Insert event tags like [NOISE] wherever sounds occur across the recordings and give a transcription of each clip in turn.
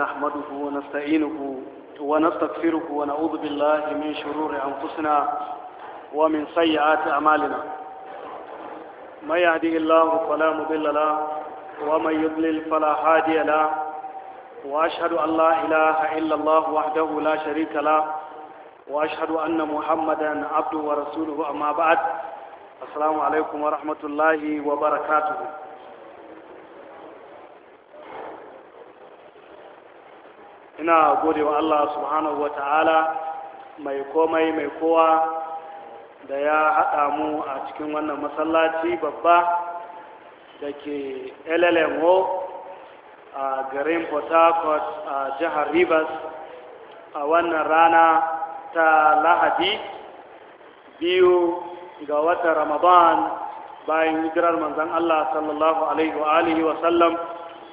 نحمده ونستعينه ونستغفره ونعوذ بالله من شرور أنفسنا ومن سيئات أعمالنا ما يهدي الله فلا مضل له ومن يضلل فلا هادي له وأشهد أن لا إله إلا الله وحده لا شريك له وأشهد أن محمدا عبده ورسوله أما بعد السلام عليكم ورحمة الله وبركاته ina gode wa Allah subhanahu wa ta'ala mai komai mai kowa da ya haɗa mu a cikin wannan masallaci babba da ke llmo a garin port harcourt a jihar rivers a wannan rana ta lahadi biyu ga wata ramadan bayan hijirar manzan Allah sallallahu alaihi wa wa sallam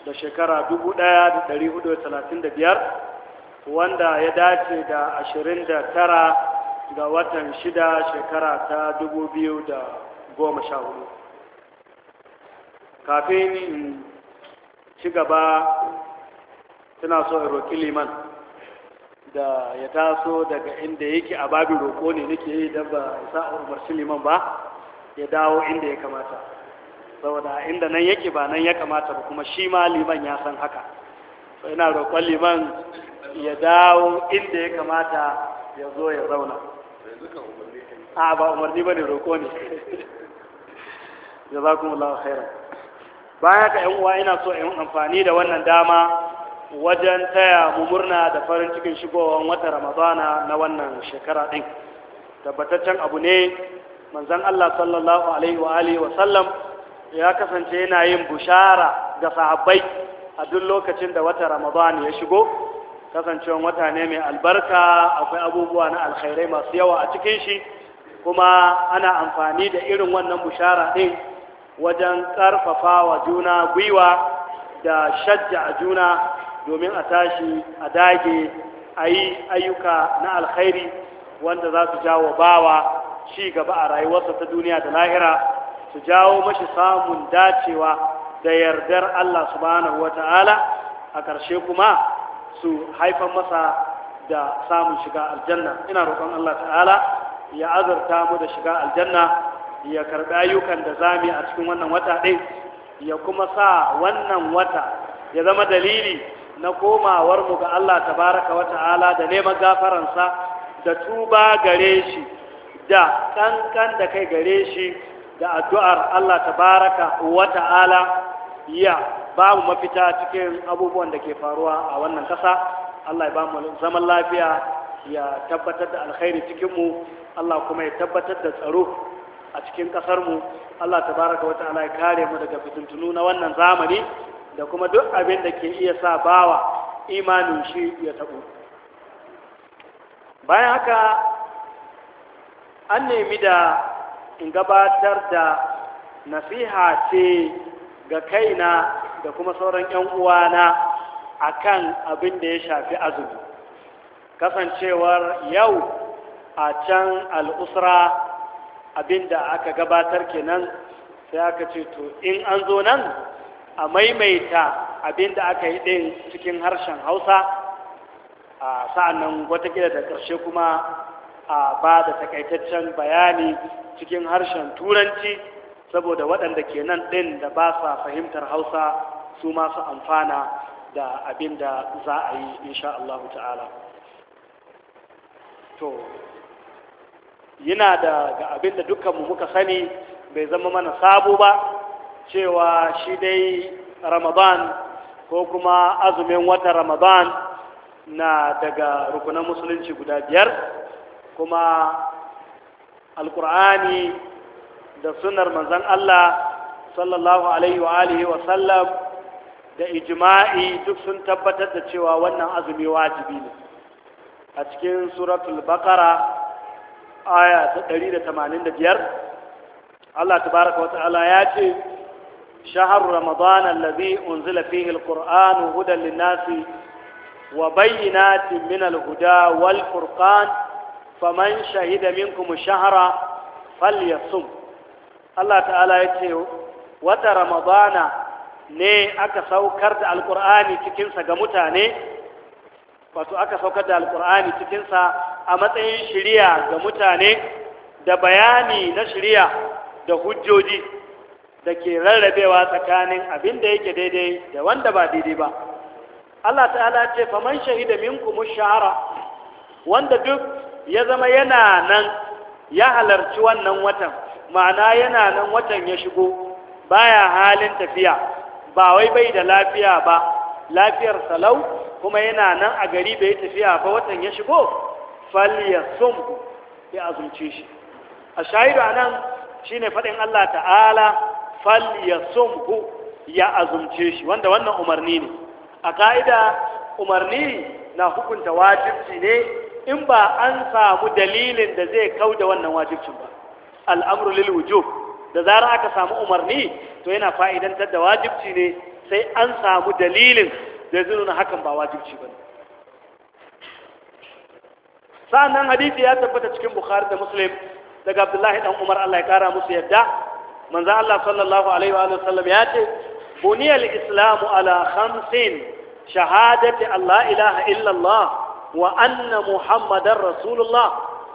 da shekara 1435 wanda ya dace da 29 ga watan 6 shekara ta 2014 kafin in ci gaba tana so in roƙi liman da ya taso daga inda yake a babin roƙo ne nake yi don ba isa umarci liman ba ya dawo inda ya kamata saboda inda nan yake ba nan ya kamata ba kuma shi ma liman ya san haka so ina roƙon liman ya dawo inda ya kamata ya zo ya zauna a ba umarni ba ne roƙo ne [LAUGHS] jazakumullahu Ba bayan ka yan'uwa uwa ina so in amfani da wannan dama wajen taya mu murna da farin cikin shigowar wata ramadana na wannan shekara ɗin tabbataccen abu ne manzan Allah sallallahu alaihi wa alihi wa sallam ya kasance yana yin bushara ga sahabbai a duk lokacin da wata ramadan ya shigo kasancewan wata ne mai albarka akwai abubuwa na alkhairai masu yawa a cikin shi kuma ana amfani da irin wannan bushara ɗin wajen ƙarfafa wa juna gwiwa da shajja a juna domin a tashi a dage a yi ayyuka na alkhairi wanda za su jawo bawa ci gaba a rayuwarsa ta duniya da lahira su jawo mashi samun dacewa da yardar Allah subhanahu wata'ala a ƙarshe kuma su haifan masa da samun shiga aljanna ina roƙon Allah ta'ala ya azurta mu da shiga aljanna ya karɓi ayyukan da zami a cikin wannan wata ɗin ya kuma sa wannan wata ya zama dalili na komawar mu ga Allah tabaraka wa ta'ala da neman gafaransa da tuba gare shi da kankan da kai gare shi da addu'ar Allah tabaraka wa ta'ala ya ba mu mafita cikin abubuwan da ke faruwa a wannan ƙasa Allah ya ba mu zaman lafiya ya tabbatar da alkhairi cikinmu Allah kuma ya tabbatar da tsaro a cikin ƙasarmu Allah tabaraka wa ta'ala ya kare mu daga fitintunu na wannan zamani da kuma duk abin da ke iya sa bawa imanin shi ya taɓo bayan haka an nemi da in gabatar da nasiha ce ga kaina da kuma sauran 'yan uwana akan abin da ya shafi azumi kasancewar yau a can al'usra abin da aka gabatar kenan sai aka ce to in an zo nan a maimaita abin da aka yi ɗin cikin harshen hausa a sa'annan watakila da ƙarshe kuma a ba da takaitaccen bayani cikin harshen turanci saboda waɗanda ke nan ɗin da ba sa fahimtar hausa su masu amfana da abin da za a yi insha Allah ta'ala to yana da ga abin da dukkanmu muka sani bai zama mana sabo ba cewa shi dai ramadan ko kuma azumin wata ramadan na daga rukunan musulunci guda biyar kuma alkur'ani da sunar manzan Allah sallallahu alaihi wa alihi wa sallam da ijma'i duk sun tabbatar da cewa wannan azumi wajibi ne a cikin suratul baqara aya ta 185 Allah tabaraka wa ta'ala ya ce shahar ramadan allazi unzila fihi alqur'anu hudan linnasi wa bayyana min alhuda wal faman shahida minkum shahara falyasum Allah ta'ala ya ce wata ramadana ne aka saukar da alkur'ani cikinsa ga mutane wato aka saukar da alkur'ani cikinsa a matsayin shirya ga mutane da bayani na shirya da hujjoji da ke rarrabewa tsakanin abin da yake daidai da wanda ba daidai ba Allah ta'ala ce faman shahida minkum shahara wanda duk ya zama yana nan ya halarci wannan watan ma'ana yana nan watan ya shigo baya halin tafiya ba wai bai da lafiya ba lafiyar salau kuma yana nan a gari bai tafiya ba watan ya shigo falliya sun ya azumce shi a shahidu a nan shine ne faɗin Allah ta'ala falliyar sun ya azumce shi wanda wannan umarni ne a ka'ida umarni na hukunta wajibci ne in ba an samu dalilin da zai kauda wannan wajibcin ba al'amru lil wujub da zarar aka samu umarni to yana fa'idantar da wajibci ne sai an samu dalilin da zai nuna hakan ba wajibci ba sa'annan hadisi ya tabbata cikin bukhari da muslim daga abdullahi dan umar Allah ya kara musu yadda manzo Allah sallallahu alaihi wa sallam ya ce buniyal islamu ala khamsin shahadati Allah ilaha illallah wa Muhammadan muhammadar rasulullah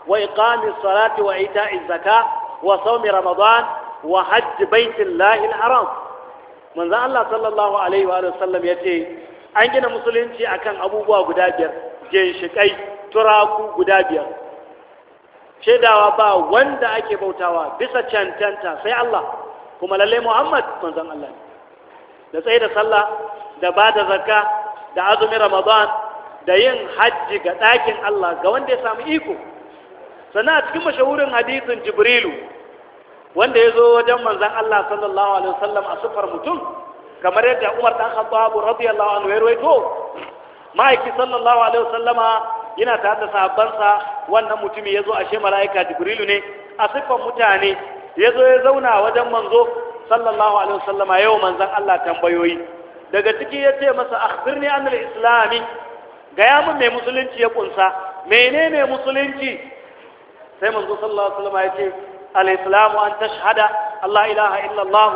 wa iqami salati wa ita'i zaka wa sawmi ramadan wa hajj baitillahi al-haram manzo Allah sallallahu alaihi wa sallam yace an gina musulunci akan abubuwa guda biyar ginshikai turaku guda biyar shaidawa ba wanda ake bautawa bisa cancanta sai Allah kuma lallai Muhammad manzon Allah ne da tsaye da sallah da ba da zakka da azumin Ramadan da yin hajji ga ɗakin Allah ga wanda ya samu iko sannan a cikin mashahurin hadisin jibrilu wanda ya zo wajen manzan Allah sallallahu alaihi wasallam a sufar mutum kamar yadda Umar dan Khattab radiyallahu anhu ya rawaito ma'aiki sallallahu alaihi wasallama yana tare da sahabbansa wannan mutumi ya zo ashe mala'ika jibrilu ne a sufar mutane ya zo ya zauna wajen manzo sallallahu alaihi wasallama yau manzan Allah tambayoyi daga ciki ya ce masa akhbirni anil islami gaya min mai musulunci ya kunsa menene musulunci sai manzo sallallahu alaihi wasallam ya ce al-islamu an tashhada Allah ilaha illallah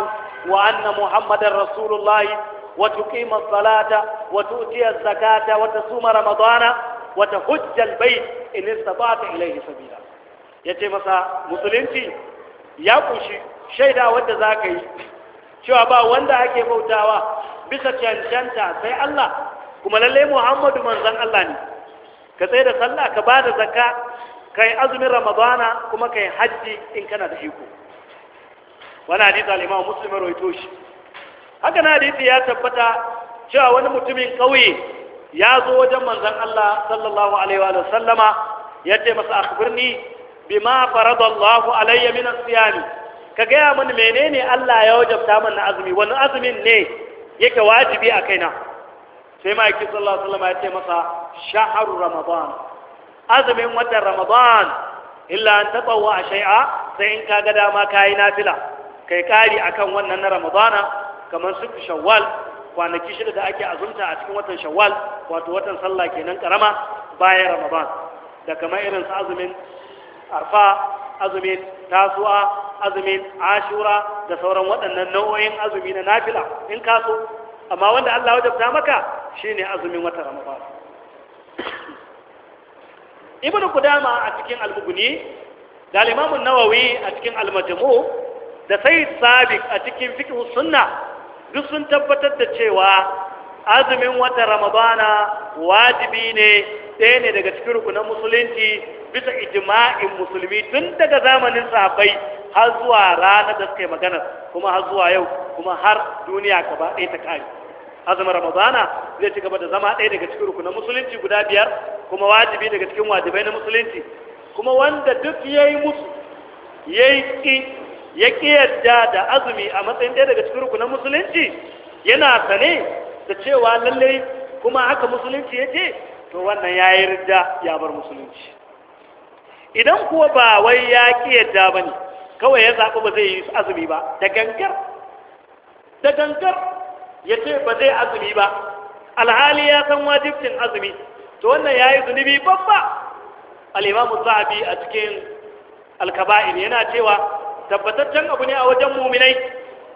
wa anna muhammadar rasulullahi wa tuqima as-salata wa tu'ti az-zakata wa tasuma ramadana wa tahujja al-bayt in istata'ta ilayhi sabila yace masa musulunci ya kunshi shaida wanda zaka yi cewa ba wanda ake bautawa bisa cancanta sai Allah kuma lalle muhammadu manzan Allah ne ka tsaye da sallah ka ba da zakka kai azumin ramadana kuma kai hajji in kana da iko wani hadisi al muslim rawaito shi haka na hadisi ya tabbata cewa wani mutumin ƙauye, ya zo wajen manzan Allah sallallahu alaihi wa sallama ya ce masa akhbirni bima faradallahu alayya min as-siyami ka gaya mani menene Allah ya wajabta mana azumi wani azumin ne yake wajibi a kaina sai ma'aiki sallallahu alaihi wasallam ya ce masa shahar ramadan azumin watan ramadan illa an tatawwa shay'a sai in kaga dama kayi nafila kai kari akan wannan na ramadana kamar su shawwal kwanaki shida da ake azumta a cikin watan shawwal wato watan sallah kenan karama bayan ramadan da kamar irin su azumin arfa azumin tasu'a azumin ashura da sauran waɗannan nau'o'in azumi na nafila in kaso amma wanda Allah wajabta maka shine azumin wata ramadan ibn qudama a cikin al-mughni da al-imam nawawi a cikin al-majmu da sayyid sabiq a cikin fiqh sunna duk sun tabbatar da cewa azumin wata ramadana wajibi ne ɗaya ne daga cikin rukunan musulunci bisa ijma'in musulmi tun daga zamanin sahabbai har zuwa ranar da suka yi magana kuma har zuwa yau kuma har duniya ba ɗaya ta kare azumin ramadana zai ci gaba da zama ɗaya daga cikin rukunan musulunci guda biyar kuma wajibi daga cikin wajibai na musulunci kuma wanda duk ya yi musu ya yi ya yarda da azumi a matsayin ɗaya daga cikin rukunan musulunci yana sane da cewa lallai kuma haka musulunci ya ce to wannan ya yi rida ya bar musulunci idan kuwa ba wai ya ƙi yadda ba ne kawai ya zaɓi ba zai yi azumi ba da gangar da gangar ya ce ba zai azumi ba alhali ya san wajibcin azumi to wannan ya yi zunubi babba al'imamu zahabi a cikin alkaba'in yana cewa tabbataccen abu ne a wajen muminai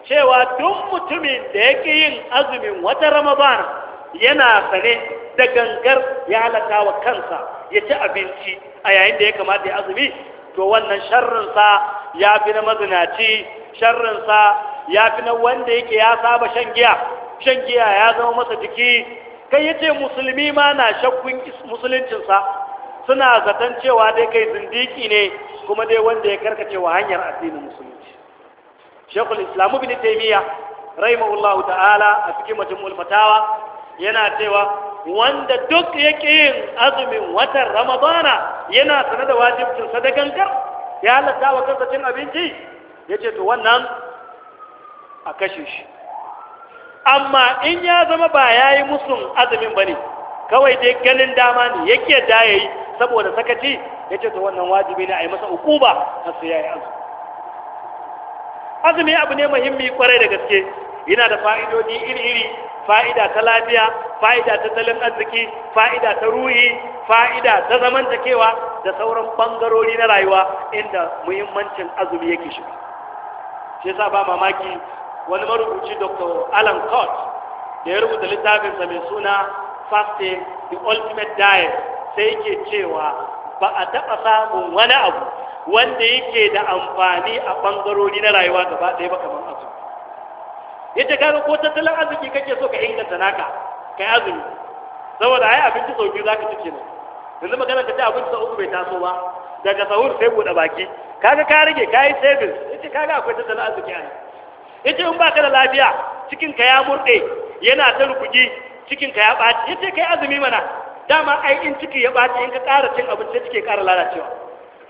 cewa duk mutumin da ya ƙi yin azumin wata ramabar yana sane da gangar ya halaka wa kansa ya ci abinci a yayin da ya kamata ya azumi to wannan sharrinsa ya fi na mazinaci sharrinsa ya fi na wanda yake ya saba shan giya shan giya ya zama masa jiki kai ya ce musulmi ma na shakkun musuluncinsa suna zaton cewa dai kai zindiki ne kuma dai wanda ya karkace wa hanyar addinin musulunci shekul islamu bin taimiyya rahimahullahu ta'ala a cikin majmu'ul fatawa yana cewa wanda duk yake yin azumin watan ramadana yana sanar da wajibcin kar ya halatta wa kansa cin abinci ya to wannan a kashe shi amma in ya zama ba ya yi musun azumin ba ne kawai dai ganin dama ne yake da ya yi saboda sakaci ya ce to wannan wajibi ne a yi masa hukuba har sai ya yi azumi azumi abu ne muhimmi kwarai da gaske yana da fa'idodi iri-iri fa'ida ta lafiya fa'ida ta talin arziki fa'ida ta ruhi fa'ida ta zamantakewa da sauran bangarori na rayuwa inda muhimmancin azumi yake shiga shi ba mamaki wani marubuci dr alan Kot da ya rubuta littafinsa mai suna fasting the ultimate diet sai yake cewa ba a taɓa samun wani abu wanda yake da amfani a ɓangarori na rayuwa gaba ɗaya ba kamar azumi yace kaga ko tattalin arziki kake so ka inganta naka kai azumi saboda ai abinci sauki biyu zaka ci kenan yanzu magana ka ce abinci sau uku bai taso ba daga sahur sai bude baki kaga ka rage kayi savings yace kaga akwai tattalin arziki a yace in baka da lafiya cikin ka ya murde yana ta rukuji cikin ka ya baci yace kai azumi mana dama ai in ciki ya baci in ka ƙara cin abinci cike ƙara lalacewa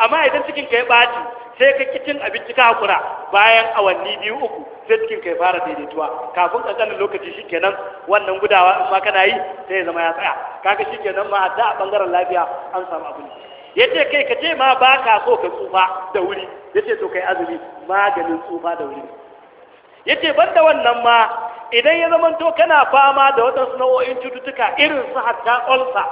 amma idan cikin ka ya ɓaci sai ka kicin abinci ka hakura bayan awanni biyu uku sai cikin ka ya fara daidaituwa kafin ƙanƙanin lokaci shikenan wannan gudawa in ma kana yi sai ya zama ya tsaya kaga shikenan ma da a ɓangaren lafiya an samu abin ya ce kai ka ce ma ba ka so ka tsufa da wuri ya ce to kai azumi maganin tsufa da wuri ya ce ban da wannan ma idan ya zama to kana fama da waɗansu nau'o'in cututtuka irin su hatta ulcer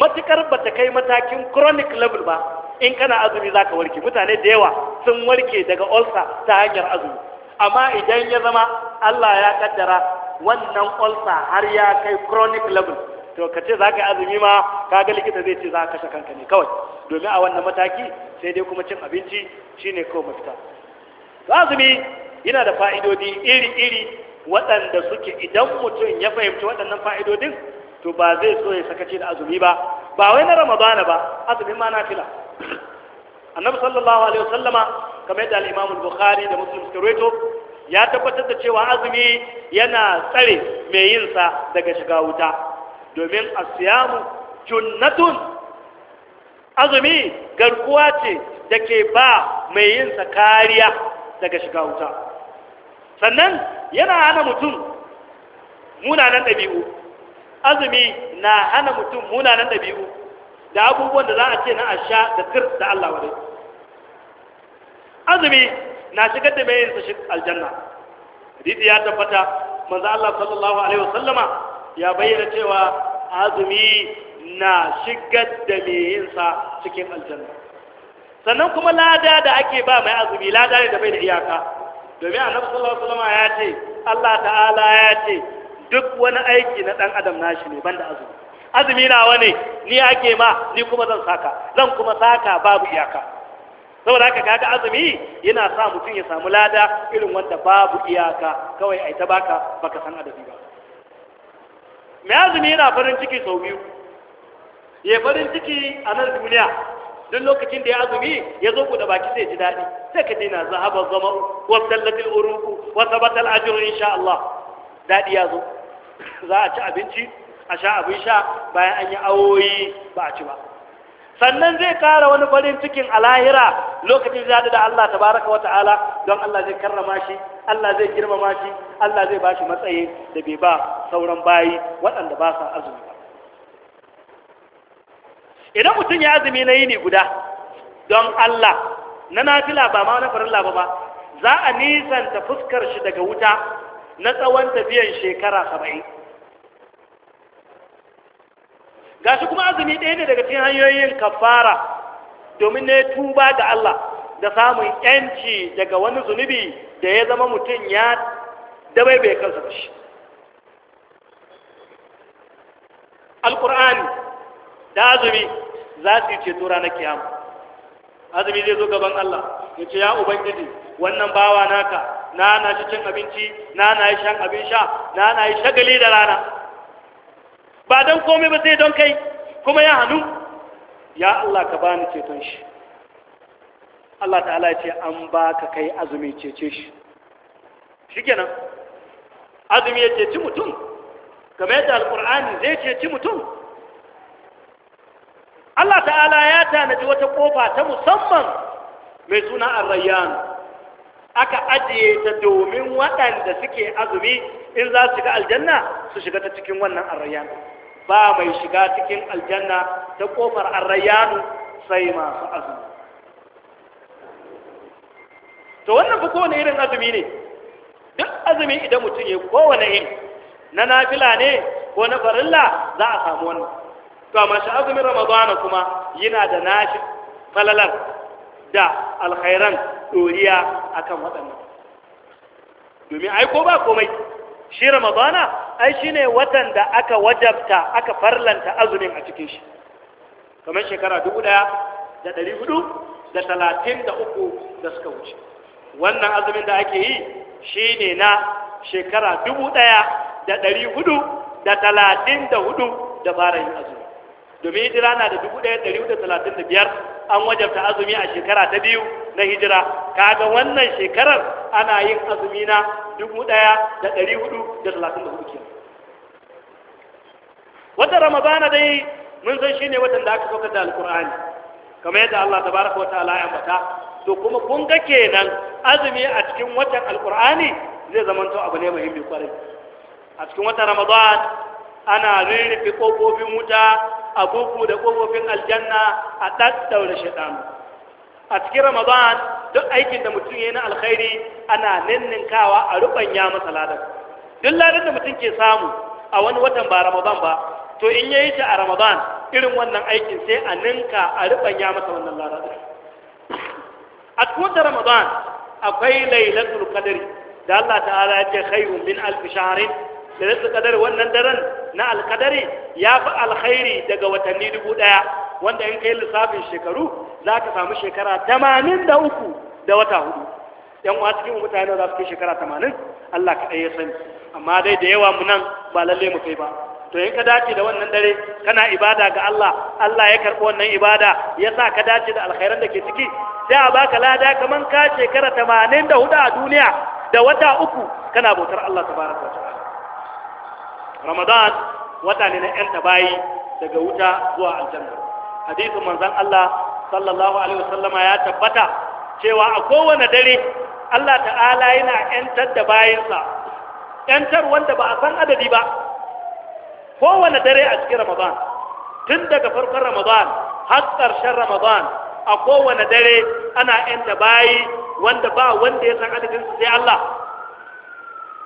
matuƙar ba ta kai matakin chronic level ba in kana azumi zaka warke mutane da yawa sun warke daga ulcer ta hanyar azumi amma idan ya zama Allah ya kaddara wannan ulcer har ya kai chronic level to ka ce zaka azumi ma kaga likita zai ce za ka kashe kanka ne kawai domin a wannan mataki sai dai kuma cin abinci shine ko mafita azumi yana da fa'idodi iri-iri waɗanda suke idan mutum ya fahimci waɗannan fa'idodin to ba zai so ya sakace da azumi ba ba wai na ramadana ba azumin ma na fila annabi sallallahu alaihi wasallama kamar yadda al bukhari da muslim suka ya tabbatar da cewa azumi yana tsare mai yin sa daga shiga wuta domin asiyamu junnatun azumi garkuwa ce da ke ba mai yin sa kariya daga shiga wuta sannan yana hana mutum munanan ɗabi'u azumi na hana mutum munanan ɗabi'u da abubuwan da za a ce na a sha da kir da Allah wadai azumi na shigar da mai yin aljanna hadisi ya tabbata manzo Allah sallallahu alaihi wasallama ya bayyana cewa azumi na shigar da mai yin sa cikin aljanna sannan kuma lada da ake ba mai azumi lada ne da bai da iyaka domin annabi sallallahu alaihi wasallama ya ce Allah ta'ala ya ce duk wani aiki na dan adam nashi ne banda azumi azumi nawa ne ni ake ma ni kuma zan saka zan kuma saka babu iyaka saboda haka kaga azumi yana sa mutum ya samu lada irin wanda babu iyaka kawai ai ta baka baka san adadi ba mai azumi yana farin ciki sau biyu ya farin ciki a nan duniya duk lokacin da ya azumi ya zo da baki sai ji daɗi sai ka dina zahabar zama wa tallatil uruku wa sabatal ajru insha Allah daɗi ya zo za a ci abinci a sha abin sha bayan an yi awoyi ba a ci ba sannan zai kara wani farin cikin alahira lokacin zai da Allah tabaraka wa ta'ala don Allah zai karrama shi Allah zai girmama shi Allah zai ba shi matsayi da bai ba sauran bayi waɗanda ba sa azumi ba idan mutum ya azumi na yini guda don Allah na nafila ba ma na farilla ba ba za a nisanta fuskar shi daga wuta na tsawon tafiyan shekara saba'in gashi kuma azumi ɗaya ne daga cikin hanyoyin kafara domin ne tuba ga Allah da samun yanci daga wani zunubi da ya zama mutum ya dabai bai kansa da shi alkur'ani da azumi za su yi ceto ranar kiyama azumi zai zo gaban Allah ya ce ya ubangiji wannan bawa naka na na shi cin abinci na na yi shan abin sha na na yi shagali da rana ba don komai ba zai don kai kuma ya hannu ya Allah ka bani ceton shi Allah ta'ala ce an ba ka kai azumi cece shi shi kenan azumi ya ceci mutum game da alƙur'ani zai ceci mutum Allah ta'ala ya tanaji wata ƙofa ta musamman mai suna arrayyan aka ajiye ta domin waɗanda suke azumi in za su shiga aljanna su shiga ta cikin wannan arrayyan ba mai shiga cikin aljanna ta kofar arrayanu sai masu azumi to wannan fa kowane irin azumi ne duk azumi idan mutum ya kowane iri na nafila ne ko na farilla za a samu wannan to amma shi azumin ramadana kuma yana da nashi falalar da alkhairan doriya akan waɗannan domin ai ko ba komai shi ramadana ai ne watan da aka wajabta aka farlanta azumin a cikin shi kamar shekara dubu ɗaya da ɗari hudu da talatin da uku da suka wuce wannan azumin da ake yi shi ne na shekara dubu ɗaya da ɗari hudu da talatin da hudu da fara yin azumi domin hijira na da dubu ɗaya ɗari hudu da talatin da biyar an wajabta azumi a shekara ta biyu na hijira kaga wannan shekarar ana yin azumi na dubu ɗaya da ɗari hudu da talatin da hudu wata ramadana dai mun san shi ne watan da aka saukar da alkur'ani kamar yadda allah tabaraka wata ala ya to kuma kun ga kenan azumi a cikin watan alkur'ani zai zamanto abu ne muhimmi kwarai a cikin watan ramadan ana rirrufe ƙofofin wuta a buku da ƙofofin aljanna a ɗaɗɗaure shaɗanu a cikin ramadan duk aikin da mutum yana alkhairi ana ninninkawa a ya masa ladan duk ladan da mutum ke samu a wani watan ba ramadan ba to in yayi shi a ramadan irin wannan aikin sai a ninka a ya masa wannan ladan a cikin ramadan akwai lailatul qadri da Allah ta'ala ya ce khairun min alf shahrin lailatul qadri wannan daren na alqadari ya fi alkhairi daga watanni dubu daya wanda in kai lissafin shekaru za ka samu shekara tamanin da uku da wata hudu yan uwa cikin mutane za su kai shekara tamanin Allah kaɗai ya sani amma dai da yawa mu nan ba lalle mu kai ba to in ka dace da wannan dare kana ibada ga Allah Allah ya karɓi wannan ibada ya sa ka dace da alkhairan da ke ciki sai a baka lada kaman ka shekara tamanin da hudu a duniya da wata uku kana bautar Allah tabaraka wa ta'ala Ramadan wata ne na 'yan tabayi daga wuta zuwa aljanna hadisin manzon Allah sallallahu alaihi wasallama ya tabbata cewa a kowane dare Allah ta'ala yana ‘yantar da bayansa ƴantar wanda ba a san adadi ba kowane dare a cikin ramadan tun daga farkon ramadan har ƙarshen ramadan a kowane dare ana ‘yanta bayi wanda ba wanda ya san su sai Allah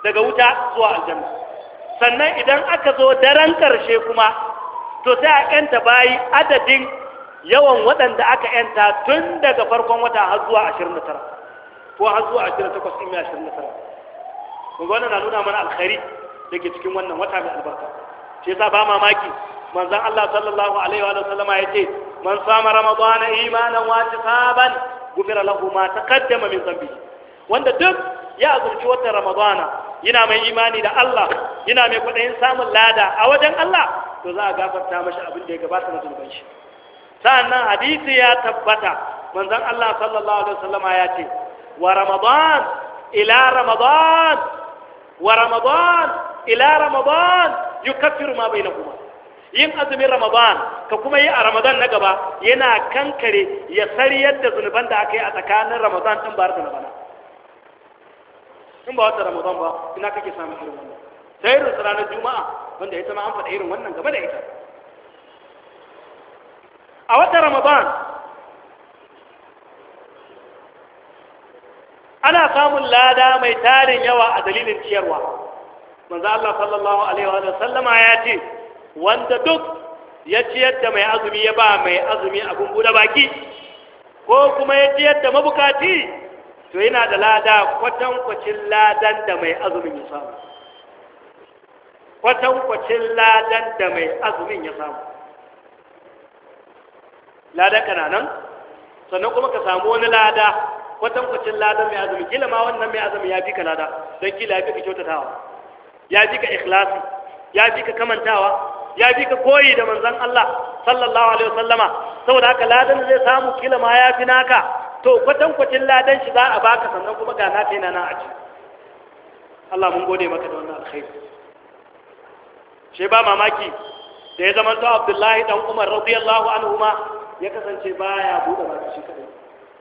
daga wuta zuwa aljanna sannan idan aka zo daren ƙarshe kuma to sai a ƴanta bayi adadin yawan waɗanda aka ƴanta tun daga farkon wata har zuwa 29 ko har zuwa 28 in ya 29 kun ga wannan na nuna mana alkhairi da ke cikin wannan wata mai albarka shi yasa ba mamaki manzon Allah sallallahu alaihi wa sallama ce, man sama ramadana imanan wa tisaban gufira lahu ma taqaddama min dhanbi wanda duk ya azurci wata ramadana yana mai imani da Allah yana mai kwaɗayin samun lada a wajen Allah to za a gafarta mashi abin da ya gabata na zunuban shi sa'annan hadisi ya tabbata manzon Allah sallallahu alaihi wasallama ya ce wa ramadan ila ramadan wa ramadan ila ramadan yukaffiru ma bainakum yin azumin ramadan ka kuma yi a ramadan na gaba yana kankare ya sariyar da zunuban da aka yi a tsakanin ramadan din ba da na bana in ba wata ramadan ba ina kake samun irin wannan ta irin ranar juma'a wanda ita ma an faɗa irin wannan game da ita a watan ramadan ana samun lada mai tarin yawa a dalilin ciyarwa manzo Allah sallallahu alaihi wa ya ce wanda duk ya ciyar da mai azumi ya ba mai azumi abun bude baki ko kuma ya ciyar da mabukaci to yana da lada kwatankwacin ladan da mai azumin ya samu kwatankwacin ladan da mai azumin ya samu ladan nan sannan kuma ka samu wani lada kwatankwacin ladan mai azumin, kila ma wannan mai azumin ya fi ka lada don kila ya fi ka kyautatawa ya fi ka ikhlasi ya fi ka kamantawa ya fi ka koyi da manzan Allah sallallahu alaihi wasallama saboda haka ladan da zai samu kila ma ya fi naka to kwatankwacin ladan shi za a baka sannan kuma ga naka yana nan a ci Allah mun gode maka da wannan alkhairi she ba mamaki da ya zamanta abdullahi dan umar radiyallahu anhu ma ya kasance baya bude baki shi kadai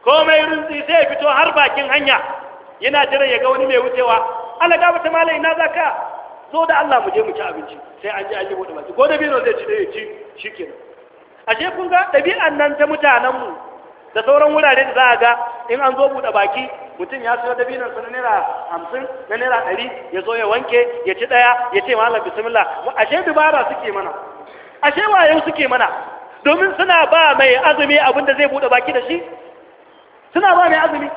komai rinzi sai ya fito har bakin hanya yana jiran ya ga wani mai wucewa Allah ga bata malai ina zaka zo da Allah mu je mu ci abinci sai an je an yi bude baki ko da biro zai ci da ya ci shikenan ashe kun ga dabi'an nan ta mutanen mu da sauran wurare da za a ga in an zo bude baki mutum ya siyo dabinan sa na naira hamsin na naira ɗari ya zo ya wanke ya ci ɗaya ya ce malam bismillah ashe dubara suke mana ashe wayo suke mana domin suna ba mai azumi abin da zai buɗe baki da shi suna ba mai azumi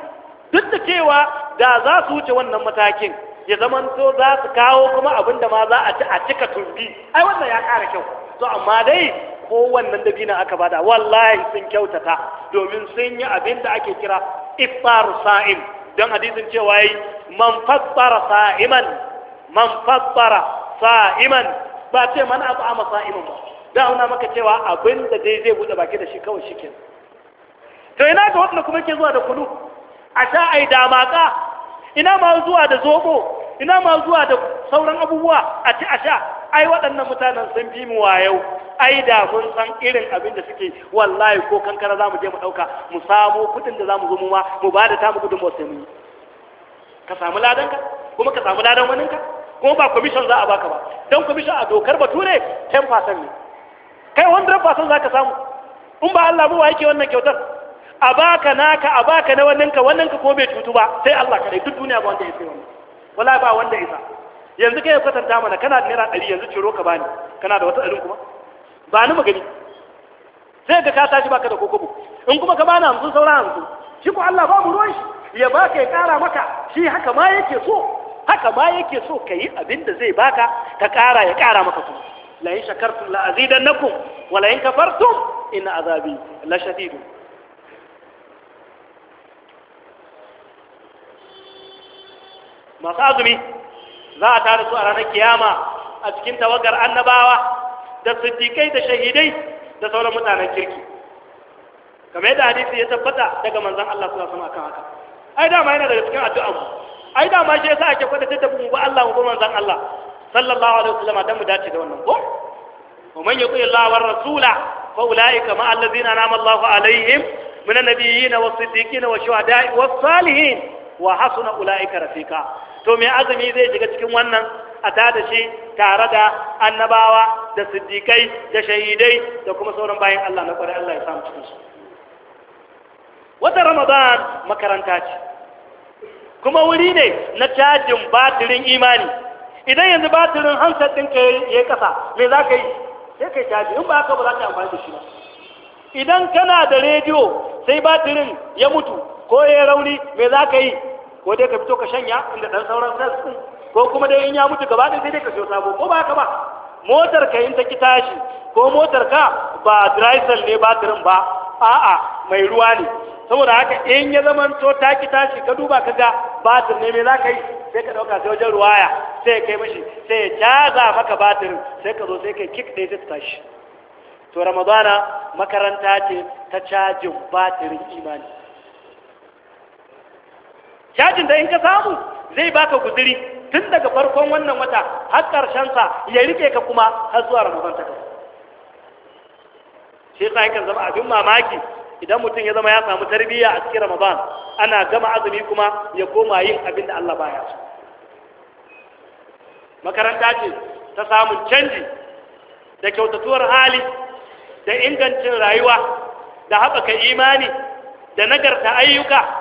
duk da cewa da za su wuce wannan matakin ya to za su kawo kuma abinda da ma za a ci a cika tumbi ai wannan ya ƙara kyau to amma dai kowannan dabina aka bada wallahi sun kyautata domin sun yi abin da ake kira ifar sa'im don hadisin cewa yi man fassara sa'iman man fassara sa'iman ba ce man abu ama sa'iman ba da auna maka cewa abin da dai zai buɗe baki da shi kawai shi to ina ga waɗanda kuma ke zuwa da kunu a sha ai damaka ina ma zuwa da zobo ina ma zuwa da sauran abubuwa a ci a sha ai waɗannan mutanen sun fi mu wayau ai da mun san irin abin da suke wallahi ko kankara za mu je mu ɗauka mu samo kuɗin da za mu zo mu ma mu ba da tamu gudun wasu mu ka samu ladan ka kuma ka samu ladan waninka kuma ba commission za a baka ba don commission a dokar bature 10% ne kai 100% za ka samu in ba Allah ba wa yake wannan kyautar a baka naka a baka na wannan ka wannan ka ko bai cutu ba sai Allah kadai duk duniya ba wanda ya sai wannan wala ba wanda isa yanzu kai kwatanta mana kana da naira ɗari yanzu ciro ka bani kana da wata ɗarin kuma ba ni magani sai ka ka tashi baka da kokobo in kuma ka bani hamsin saura hamsin shi ko Allah ba mu ruwan shi ya baka ya kara maka shi haka ma yake so haka ma yake so ka yi abin da zai baka ka kara ya kara maka kuma la in shakartum la azidannakum wa la in kafartum inna azabi la shadidun masu azumi za a tare su a ranar kiyama a cikin tawagar annabawa da siddiƙai da shahidai da sauran mutanen kirki kamar yadda hadisi ya tabbata daga manzon Allah sallallahu alaihi wasallam akan haka ai dama yana daga cikin addu'a mu ai dama shi yasa ake kwada ta mu ba Allah mu ba manzon Allah sallallahu alaihi wasallam dan mu dace da wannan ko wa man yuti Allah war rasula fa ulaika ma allazina an'ama Allahu alaihim min an-nabiyyin was-siddiqin wash-shuhada'i was-salihin wa hasuna ula'ika rafika to mai azumi zai shiga cikin wannan a da, shi tare da annabawa da siddiƙai da shahidai da kuma sauran bayan Allah na ƙwarai Allah ya samu cikin su wata ramadan makaranta ce kuma wuri ne na cajin batirin imani idan yanzu batirin hansar ɗinka ya yi ƙasa me za ka yi sai ka yi caji in ba haka ba za ka yi amfani da shi ba idan kana da rediyo sai batirin ya mutu ko ya rauni mai za ka yi ko dai ka fito ka shanya inda ɗan sauran sassu ko kuma dai in ya mutu gaba ɗaya sai dai ka siyo sabo ko ba ka ba motar ka in ta ki tashi ko motar ka ba drisel ne batirin ba a'a mai ruwa ne saboda haka in ya zama to ta ki tashi ka duba ka ga batir ne me za ka yi sai ka ɗauka sai wajen ruwaya sai ya kai mashi sai ya caza maka batirin sai ka zo sai kai kik ɗaya ta tashi to ramadana makaranta ce ta cajin batirin imani cajin da in ka samu zai baka guduri tun daga farkon wannan wata har karshen sa ya rike ka kuma har zuwa ramadan ta kai shi yasa yakan zama abin mamaki idan mutum ya zama ya samu tarbiyya a cikin ramadan ana gama azumi kuma ya koma yin abin da Allah baya so makaranta ce ta samun canji da kyautatuwar hali da ingancin rayuwa da haɓaka imani da nagarta ayyuka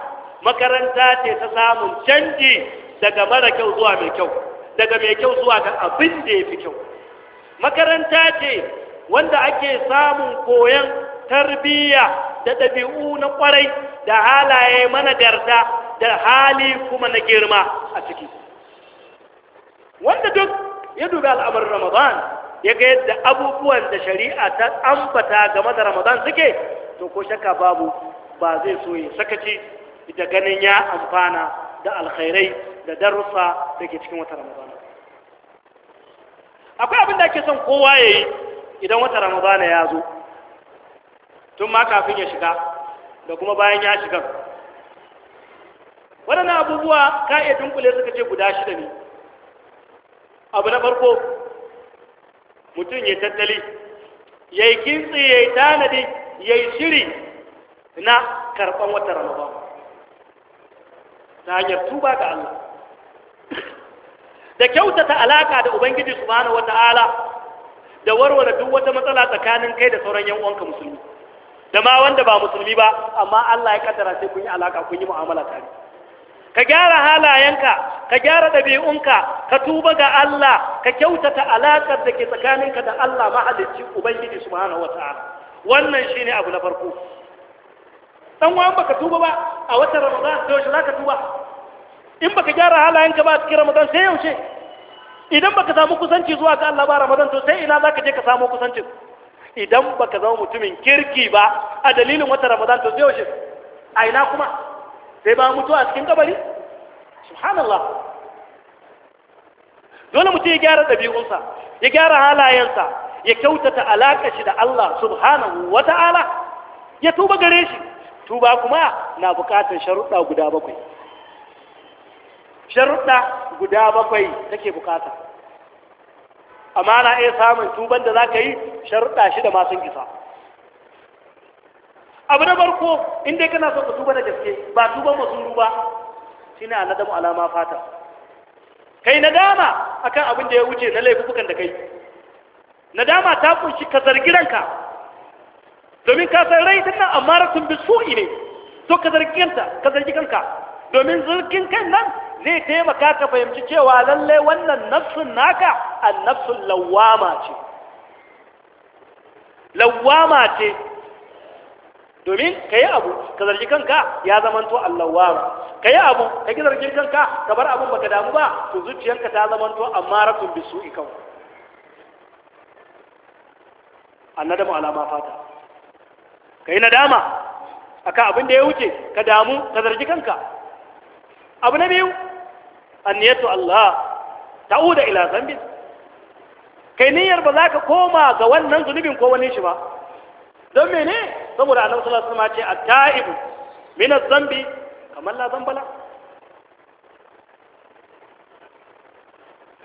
makaranta ce ta samun canji daga mara kyau zuwa mai kyau daga mai kyau zuwa ga abin da ya fi kyau makaranta ce wanda ake samun koyon tarbiyya da ɗabi'u na ƙwarai da halaye mana managarta da hali kuma na girma a ciki wanda duk ya dubi al'amarin ramadan ya ga yadda abubuwan da shari'a ta ambata game da ramadan suke to ko shakka babu ba zai so ya sakaci da ganin ya amfana da alkhairai da darussa da ke cikin wata ramadana akwai abin da ake son kowa ya yi idan wata ramadana ya zo tun ma kafin ya shiga da kuma bayan ya shiga waɗannan abubuwa ka iya dunkule suka ce guda shida ne abu na farko mutum ya tattali ya yi kintsi ya yi tanadi ya yi shiri na karɓan wata ramadana ta hanyar tuba ga Allah da kyautata alaka da ubangiji subhanahu wata'ala da warware duk wata matsala tsakanin kai da sauran yan uwanka musulmi da ma wanda ba musulmi ba amma Allah ya kaddara sai kun yi alaka kun yi mu'amala tare ka gyara halayenka ka gyara ɗabi'unka ka tuba ga Allah ka kyautata alakar da ke tsakaninka da Allah mahalicci ubangiji subhanahu wata'ala wannan shine abu na farko dan wa baka tuba ba a watan ramadan sai yaushe zaka tuba in baka gyara halayenka ba a cikin ramadan sai yaushe idan baka samu kusanci zuwa ga Allah ba ramadan to sai ina zaka je ka samu kusancin idan baka zama mutumin kirki ba a dalilin watan ramadan to sai yaushe a ina kuma sai ba mutuwa a cikin kabari subhanallah dole mutum ya gyara dabi'unsa ya gyara halayensa ya kyautata alaƙa shi da Allah subhanahu wa ta'ala ya tuba gare shi tuba kuma na bukatar sharuɗa guda bakwai sharuɗa guda bakwai take bukata amma na iya samun tuban da za ka yi sharuɗa shida masu gisa abu na farko inda kana so ka tuba da gaske ba tuban masu ba shi ne nadamu alama fata kai na nadama akan abin da ya wuce na laifukan da kai nadama ta kunshi ka zargi ranka domin ka san rai amma amaratun bi su'i ne to ka zargi ka zargi kanka domin zargin kai nan zai taimaka ka fahimci cewa lallai wannan nafsun naka annafsun lawama ce lawama ce domin ka yi abu ka zargi kanka ya zamanto allawama ka yi abu ka ki zargin kanka ka bar abun baka damu ba to zuciyarka ta zamanto amaratun bi su'i kawai annadamu alama fata ka yi nadama ka abin da ya wuce ka damu ka zargi kanka abu na biyu anniyatu Allah ta'uda ila zambin kai niyyar ba za ka koma ga wannan zunubin ko wani shi ba don mene saboda annabi sallallahu alaihi wasallam ce at-ta'ibu min az-zambi kamar la zambala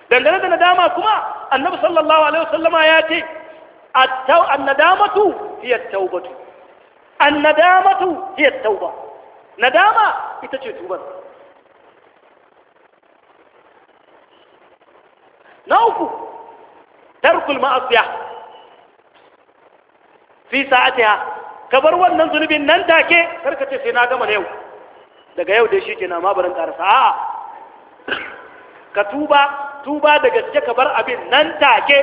dangane da nadama kuma annabi sallallahu alaihi wasallama ya ce at-tau an-nadamatu hiya at-taubatu an nadamatu hiya tauba nadama ita ce tuban na uku tarkul ma'asiya fi sa'atiha ka bar wannan zunubin nan take karka ce sai na gama yau daga yau dai shikenan ma barin karasa a ka tuba tuba da gaske ka bar abin nan take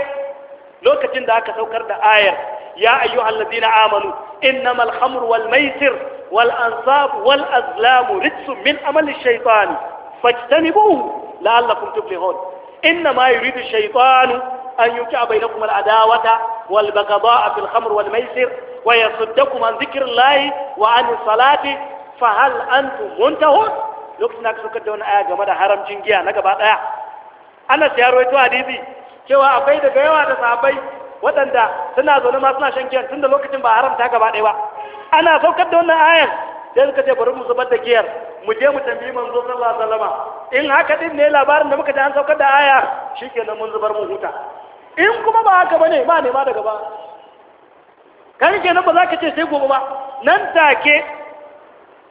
lokacin da aka saukar da ayar ya ayyuhallazina amanu إنما الخمر والميسر والأنصاب والأزلام رجس من أمل الشيطان فاجتنبوه لعلكم تفلحون إنما يريد الشيطان أن يوقع بينكم العداوة والبغضاء في الخمر والميسر ويصدكم عن ذكر الله وعن الصلاة فهل أنتم منتهون lokacin da aka saukar da wani aya game da haramcin giya na gaba ɗaya anas ya rawaito hadisi cewa akwai daga yawa da sahabbai waɗanda suna zaune ma suna shan giyar tun da lokacin ba haramta gaba ɗaya ba ana saukar da wannan ayar sai suka ce bari mu zubar da giyar mu je mu tambayi manzo sallallahu alaihi wasallam in haka din ne labarin da muka ji an saukar da aya shikenan mun zubar mu huta in kuma ba haka bane ba ne ma daga ba kan nan ba za ka ce sai gobe ba nan take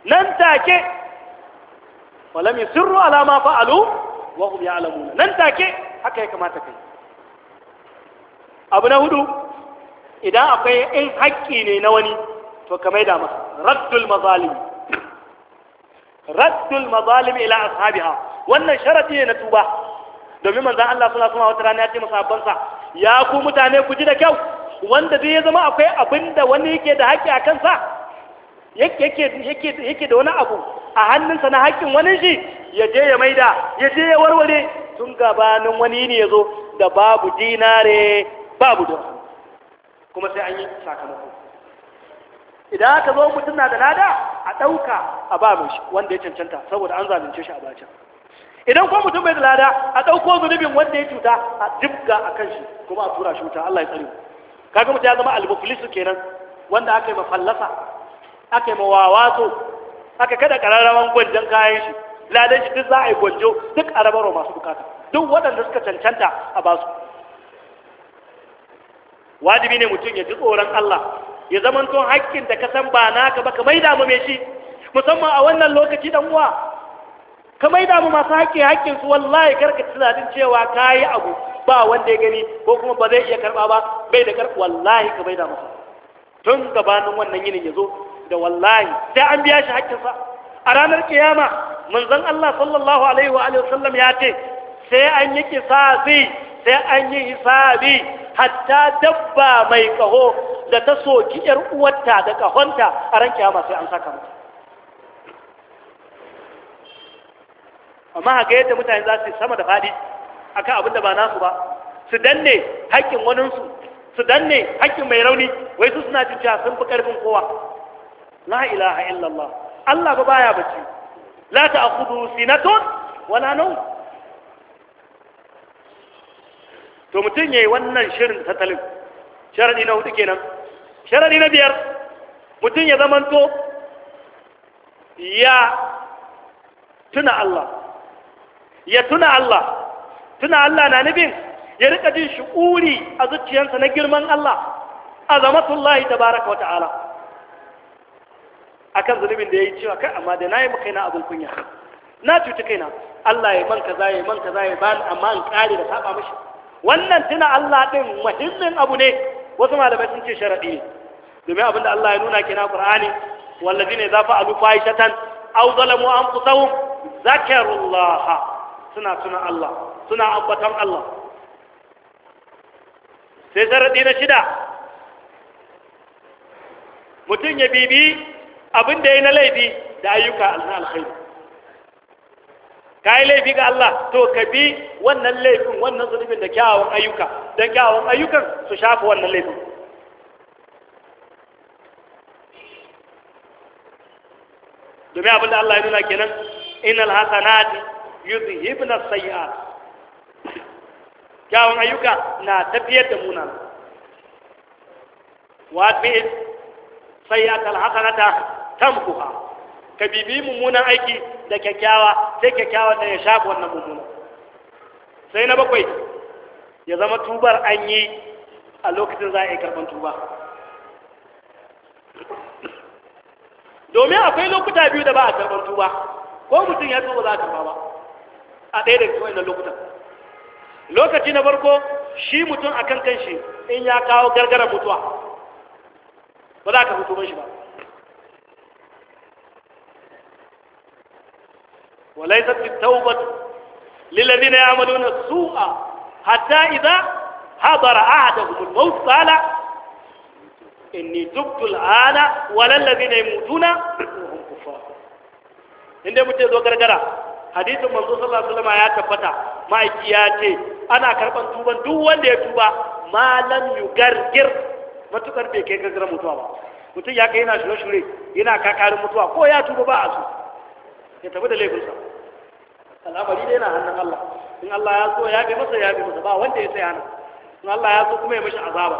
nan take walam yusirru ala ma fa'alu wa hum ya'lamun nan take haka ya kamata kai abu na hudu idan akwai in haƙƙi ne na wani to ka maida masa raddul mazalim raddul mazalim ila ashabiha wannan sharadi ne na tuba domin manzon Allah Suna Suna wata rana ya ce masahabbansa ya ku mutane ku ji da kyau wanda duk ya zama akwai abinda wani yake da haƙƙi a kansa yake da wani abu a hannunsa na haƙƙin wani shi ya je ya maida ya je ya warware tun gabanin wani ne ya zo da babu dinare ba don kuma sai an yi sakamako idan aka zo mutum na da lada a ɗauka a ba mai wanda ya cancanta saboda an zalunce shi a bacin idan kuma mutum bai da lada a ɗauko zunubin wanda ya cuta a jibga a kan shi kuma a tura shi wuta Allah ya tsare kaga mutum ya zama almuflisu kenan wanda aka yi mafallasa aka yi mawawato aka kada kararrawan gwajin kayan shi ladan shi duk za a yi gwanjo duk a rabarwa masu bukata duk waɗanda suka cancanta a basu wajibi ne mutum ya ji tsoron Allah ya tun hakkin da ka san ba naka ba ka maida damu mai shi musamman a wannan lokaci dan uwa ka maida damu masu hakki hakkin su wallahi karka tunanin cewa kayi abu ba wanda ya gani ko kuma ba zai iya karba ba bai da karba wallahi ka maida damu tun gabanin wannan yinin ya zo da wallahi sai an biya shi haƙƙinsa a ranar kiyama manzon Allah sallallahu alaihi wa alihi wasallam ya ce sai an yake sa zai sai an yi hisabi hatta dabba mai kaho da ta soki yar uwarta da kahonta a ran kiyama sai an saka mata amma ga yadda mutane za su sama da fadi akan abin da ba nasu ba su danne haƙƙin waninsu su danne haƙƙin mai rauni wai su suna jin sun fi ƙarfin kowa la ilaha illallah Allah ba baya bacci la ta'khudhu sinatun wala nawm to mutum ya yi wannan shirin tattalin sharadi na hudu kenan sharadi na biyar mutum ya zamanto ya tuna Allah ya tuna Allah tuna Allah na nufin ya rika jin shi'uri a zuciyarsa na girman Allah azamatullahi tabaraka wa ta'ala A kan zunubin da ya yi cewa kai amma da na yi makaina abin kunya na cuci kaina Allah ya man kaza ya man kaza ya bani amma in kare da saba mashi wannan tuna Allah ɗin muhimmin abu ne wasu malamai sun ce sharaɗi domin abin da Allah ya nuna kina Qur'ani wallazi ne zafa alu fahishatan aw zalamu anfusahum zakarullaha suna tuna Allah suna ambatan Allah sai sharaɗi na shida mutum ya bibi abinda da ya na laifi da ayyuka na alkhairi ka yi laifi ga Allah to ka bi wannan laifin wannan zunubin da kyawawan ayyuka don kyawawan ayyukan su shafa wannan laifin domin abin da Allah ya nuna kenan innal hasanati yuzhibna sayi'at kyawawan ayyuka na tafiyar da munana wa bi sayi'at al hasanata tamkuha ka bibi mummunan aiki da kyakkyawa sai kyakkyawan da ya shafi wannan mummuna sai na bakwai ya zama tubar an yi a lokacin za a yi karɓar tuba domin akwai lokuta biyu da ba a karɓar tuba ko mutum ya tuba za a karɓa ba a ɗaya daga cikin lokutan lokaci na farko shi mutum a kan kanshi in ya kawo gargara mutuwa ba za ka fito ban shi ba وليست التوبة للذين يعملون السوء حتى إذا حضر أحدهم الموت قال إني تبت الآن ولا الذين يموتون وهم كفار inda mutum zo gargara hadisin manzo sallallahu ya tabbata ma'aiki ya ana karban tuban duk wanda ya tuba malam yugargir matukar bai kai gargara mutuwa ba mutum ya kai yana shure-shure yana kakarin mutuwa ko ya tuba ba a ya tafi da laifinsa al'amari dai na hannun Allah in Allah ya so ya bi masa ya bi masa ba wanda ya sai in Allah ya so kuma ya mishi azaba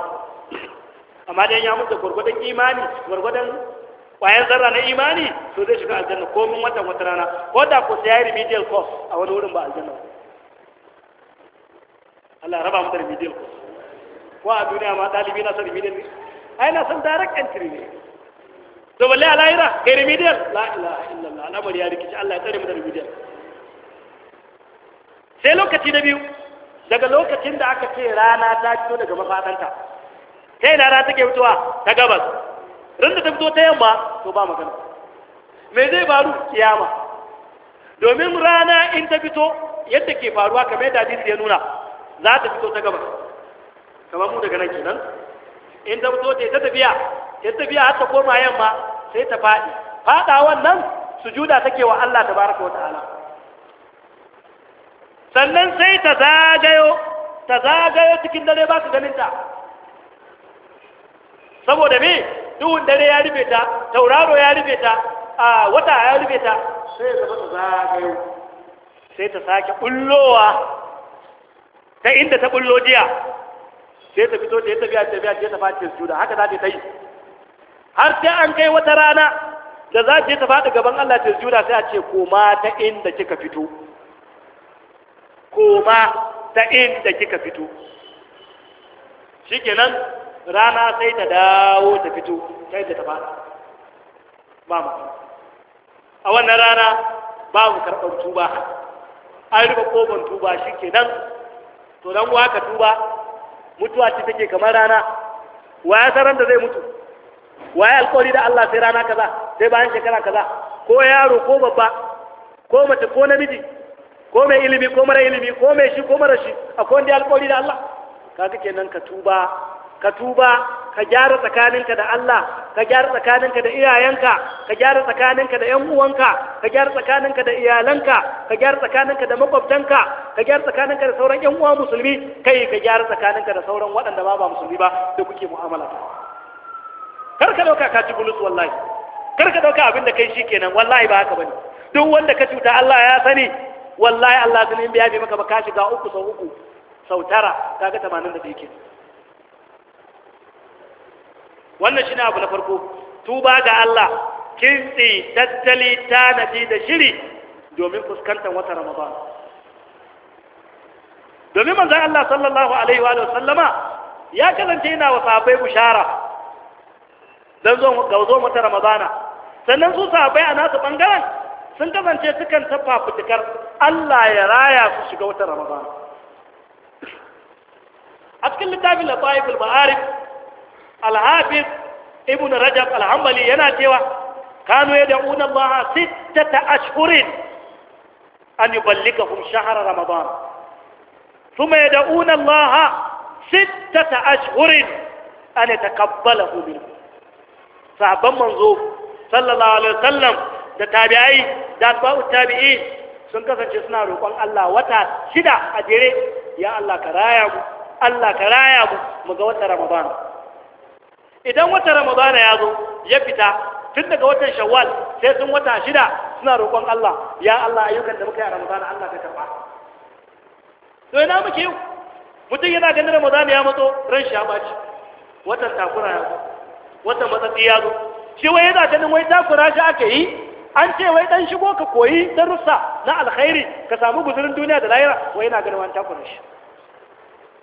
amma dai ya mutu gwargwadon imani gwargwadon kwayan zarra na imani to zai shiga aljanna komin watan wata rana ko da ko sai ya yi remedial course a wani wurin ba aljanna Allah raba mu da remedial course ko a duniya ma dalibi na san remedial ai na san direct entry ne to balle ala ira kai remedial la ilaha illallah bari ya rikici Allah ya tsare mu da remedial sai lokaci na biyu daga lokacin da aka ce rana ta fito daga mafadanta ta yi rana take fitowa ta gabas rinda ta fito ta yamma to ba magana me zai faru kiyama domin rana in ta fito yadda ke faruwa kamar yadda hadisi ya nuna za ta fito ta gabas kamar mu daga nan kenan in ta fito ta tafiya ta tafiya har ta koma yamma sai ta faɗi faɗawan nan sujuda take wa Allah tabaraka wa ta'ala sannan sai ta zagayo ta zagayo cikin dare ba ka ganin ta saboda me duhun dare ya rufe ta tauraro ya rufe ta a wata ya rufe ta sai ya zama ta zagayo sai ta sake kullowa ta inda ta kullo jiya sai ta fito ta yi tafiya tafiya ta ta fatin sujuda haka za ta ta yi har sai an kai wata rana da za ta ta faɗi gaban Allah ta sujuda sai a ce koma ta inda kika fito koma ta inda kika fito shikenan rana sai ta dawo ta fito ta ta faɗi ba mu a wannan rana ba mu karɓar tuba an rufe ƙofar tuba shikenan to dan waka tuba mutuwa ce take kamar rana wa ya san da zai mutu wa ya alƙawari da Allah sai rana kaza sai bayan shekara kaza ko yaro ko babba ko mace ko namiji ko mai ilimi ko mara ilimi ko mai shi ko mara shi akwai wanda ya alƙawari da Allah kaga kenan ka tuba ka tuba ka gyara tsakaninka da Allah ka gyara tsakaninka da iyayenka ka gyara tsakaninka da 'yan uwanka ka gyara tsakaninka da iyalanka ka gyara tsakaninka da makwabtanka ka gyara tsakaninka da sauran 'yan uwa musulmi kai ka gyara tsakaninka da sauran waɗanda ba ba musulmi ba da kuke mu'amala ta kar ka dauka ka ci bulus wallahi kar ka dauka abin da kai shikenan wallahi ba haka bane duk wanda ka cuta Allah ya sani wallahi Allah sanin biya bi maka ba ka shiga uku sau uku sau tara kaga da yake. wannan shine abu na farko tuba ga Allah kintsi tattali tanadi da shiri domin fuskantar wata ramadan domin manzon Allah sallallahu alaihi wa sallama ya kazance yana wa sahabbai bushara dan zo ga zo mata ramadana sannan su sahabbai a nasu bangaren sun kazance sukan tafa fitikar Allah ya raya su shiga wata ramadana a cikin littafin lafaifin ma'arif alhafiz ibn rajab alhambali yana cewa kanu ya da'una Allah sittata ashirin an yi ballika yuballigahum shahra ramadan thumma yad'una Allah sittata ashirin an yi yatakabbalahu minhu sahabban manzo sallallahu alaihi wasallam da tabi'ai da atba'u tabi'i sun kasance suna roƙon Allah wata shida a jere ya Allah ka raya mu Allah ka raya mu mu ga wata Ramadan idan watan ramadana ya zo ya fita tun daga watan shawwal sai sun wata shida suna roƙon Allah ya Allah ayyukan da muka yi a ramadana Allah ka karɓa to ina muke yi? mutum yana ganin ramadana ya matso ran shi ya ɓaci watan takura ya zo watan matsatsi ya zo shi wai yana ganin wai takura shi aka yi an ce wai dan shigo ka koyi darussa na alkhairi ka samu guzurin duniya da lahira wai yana ganin wani takura shi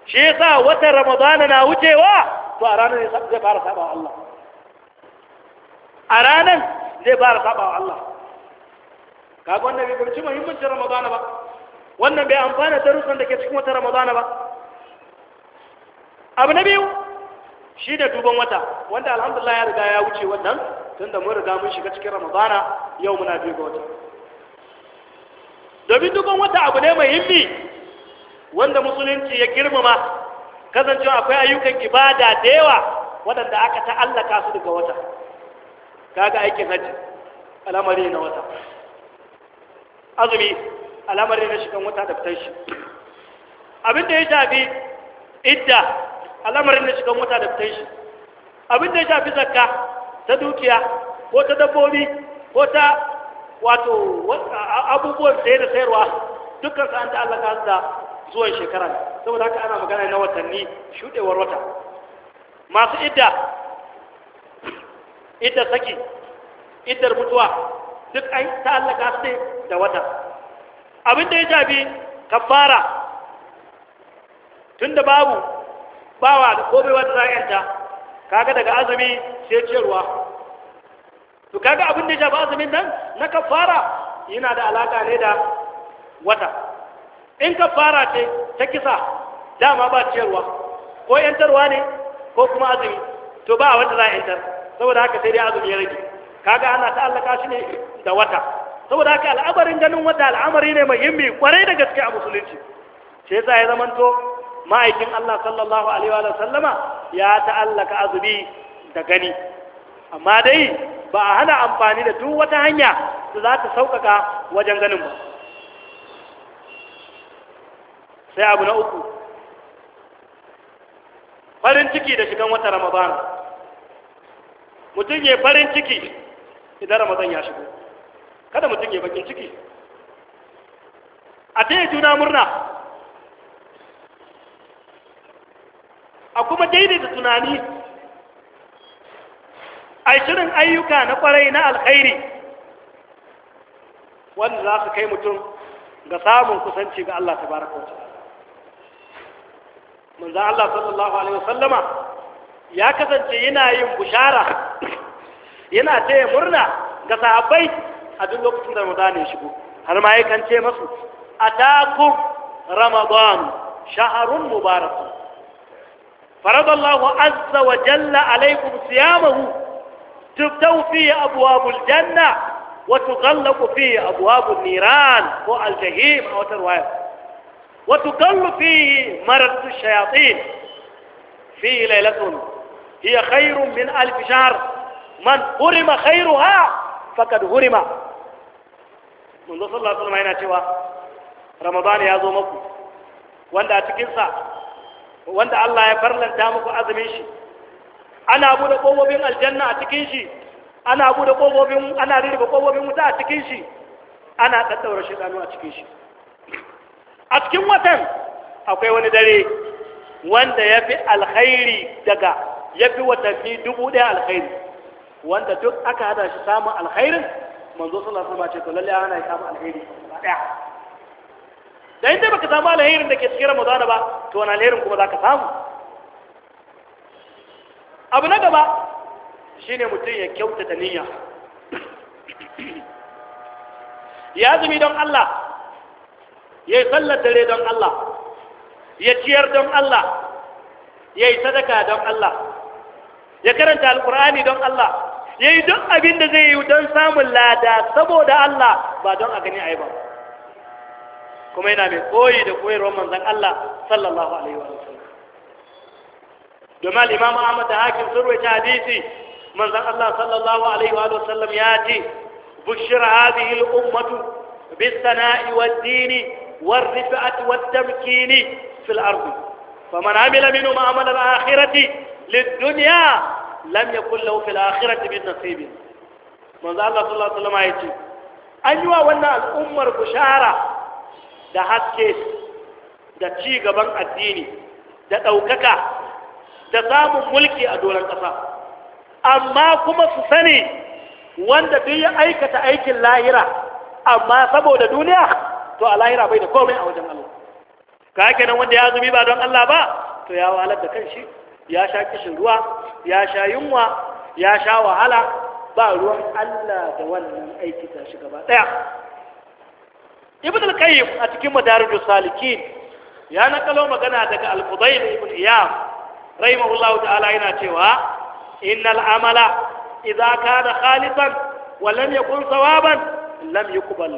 shi yasa watan ramadana na wucewa to a ranar zai fara saba Allah a ranar zai fara saba Allah kaga wannan bai gamci muhimmancin ramadana ba wannan bai amfana darussan da ke cikin wata ramadana ba abu na biyu shi da duban wata wanda alhamdulillah ya riga ya wuce wannan tunda mun riga mun shiga cikin ramadana yau muna biyu ga wata domin duban wata abu ne muhimmi wanda musulunci ya girmama kasancewa akwai ayyukan ibada da yawa waɗanda aka ta'allaka su daga wata kaga aikin hajji al'amari na wata azumi al'amari na shigan wata da fitar shi abin da ya shafi idda alamari na shigan wata da fitar shi abin da ya shafi zakka ta dukiya ko ta dabbobi ko ta wato abubuwan sayar da sayarwa dukkan sa an Allah ka da zuwan shekara saboda haka ana magana na watanni shudewar wata masu idda iddar saki iddar mutuwa duk an ta'allaka su da wata abin da ya jabi kafara tunda babu bawa da kobewa wata za'yanta kaga daga azumi sai ciyarwa to kaga abin da ya jabi azumin nan na kafara yana da alaka ne da wata in ka fara ce ta kisa dama ba ciyarwa ko yantarwa ne ko kuma azumi to ba wanda za a yantar saboda haka sai dai azumi ya rage kaga ana ta allaka shi ne da wata saboda haka al'amarin ganin wata al'amari ne mai yimmi kwarai da gaske a musulunci sai yasa ya zamanto ma'aikin Allah sallallahu alaihi wa sallama ya ta'allaka azumi da gani amma dai ba a hana amfani da duk wata hanya da za ta sauƙaƙa wajen ganin ba sai abu na uku farin ciki da shigan wata ramadan mutum ya farin ciki idan ramadan ya shigo kada mutum ya bakin ciki a taya juna murna a kuma daidaita tunani a shirin ayyuka na kwarai na alkhairi wanda za su kai mutum ga samun kusanci ga Allah ta baraka wata manzan Allah sallallahu Alaihi wasallama ya kasance yana yin bushara yana taya murna ga sa'abai a duk lokacin da ramadan shigo har ma yakan ce masu a takun ramadan shaharun mubarakun faradallahu azza wa jalla alaikum siyamahu tuftau fiye abuwabul janna wa tughallaqu fiye abuwabul niran ko aljahim a watan waya. وتقل فيه مرض الشياطين فيه ليلة هي خير من ألف شهر من هرم خيرها فقد هرم منذ صلى الله عليه وسلم ينتهي رمضان يزومك وأنت تكسى وأنت الله يفر لن تامك أزميش أنا أبو دقوة بين الجنة أتكيشي أنا أبو دقوة بين أنا أريد دقوة بين متى أنا أتدور الشيطان أتكيشي a cikin watan akwai wani dare wanda ya fi alkhairi daga ya fi watanni dubu ɗaya alkhairi wanda duk aka hada shi samun alkhairin manzo suna sama ce to lalle ana ya samu alkhairi da inda baka samu alkhairin da ke cikin ramadana ba to wani alkhairin kuma za ka samu abu na gaba shine mutum ya kyautata niyya ya azumi don Allah ya yi sallar dare don Allah ya ciyar don Allah ya yi sadaka don Allah ya karanta alkur'ani don Allah ya yi don abin da zai yi don samun lada saboda Allah ba don a gani a ba kuma yana mai koyi da koyarwar manzan Allah sallallahu alaihi wa sallam domin al'imamu Ahmad da hakim sun ta hadisi manzan Allah sallallahu alaihi wa sallam ya ce bushira hadhihi al-ummatu bis sana'i wad dini والرفعة والتمكين في الأرض فمن عمل منهم عمل الآخرة للدنيا لم يكن له في الآخرة من نصيب من ذا الله صلى الله عليه وسلم يجي أيوة وانا الأمر بشارة da haske da ci gaban addini da ɗaukaka da samun mulki a doron ƙasa amma kuma su sani wanda duk ya aikata aikin lahira amma saboda duniya to a lahira bai da komai a wajen Allah ka nan wanda ya azumi ba don Allah ba to ya wahalar da kanshi ya sha kishin ruwa ya sha yunwa ya sha wahala ba ruwan Allah da wannan aiki ta shi gaba daya ibn al-qayyim a cikin madarijus salikin ya nakalo magana daga al-fudayl ibn iyam rahimahullahu ta'ala yana cewa innal amala idza kana khalisan wa lam yakun sawaban lam yuqbal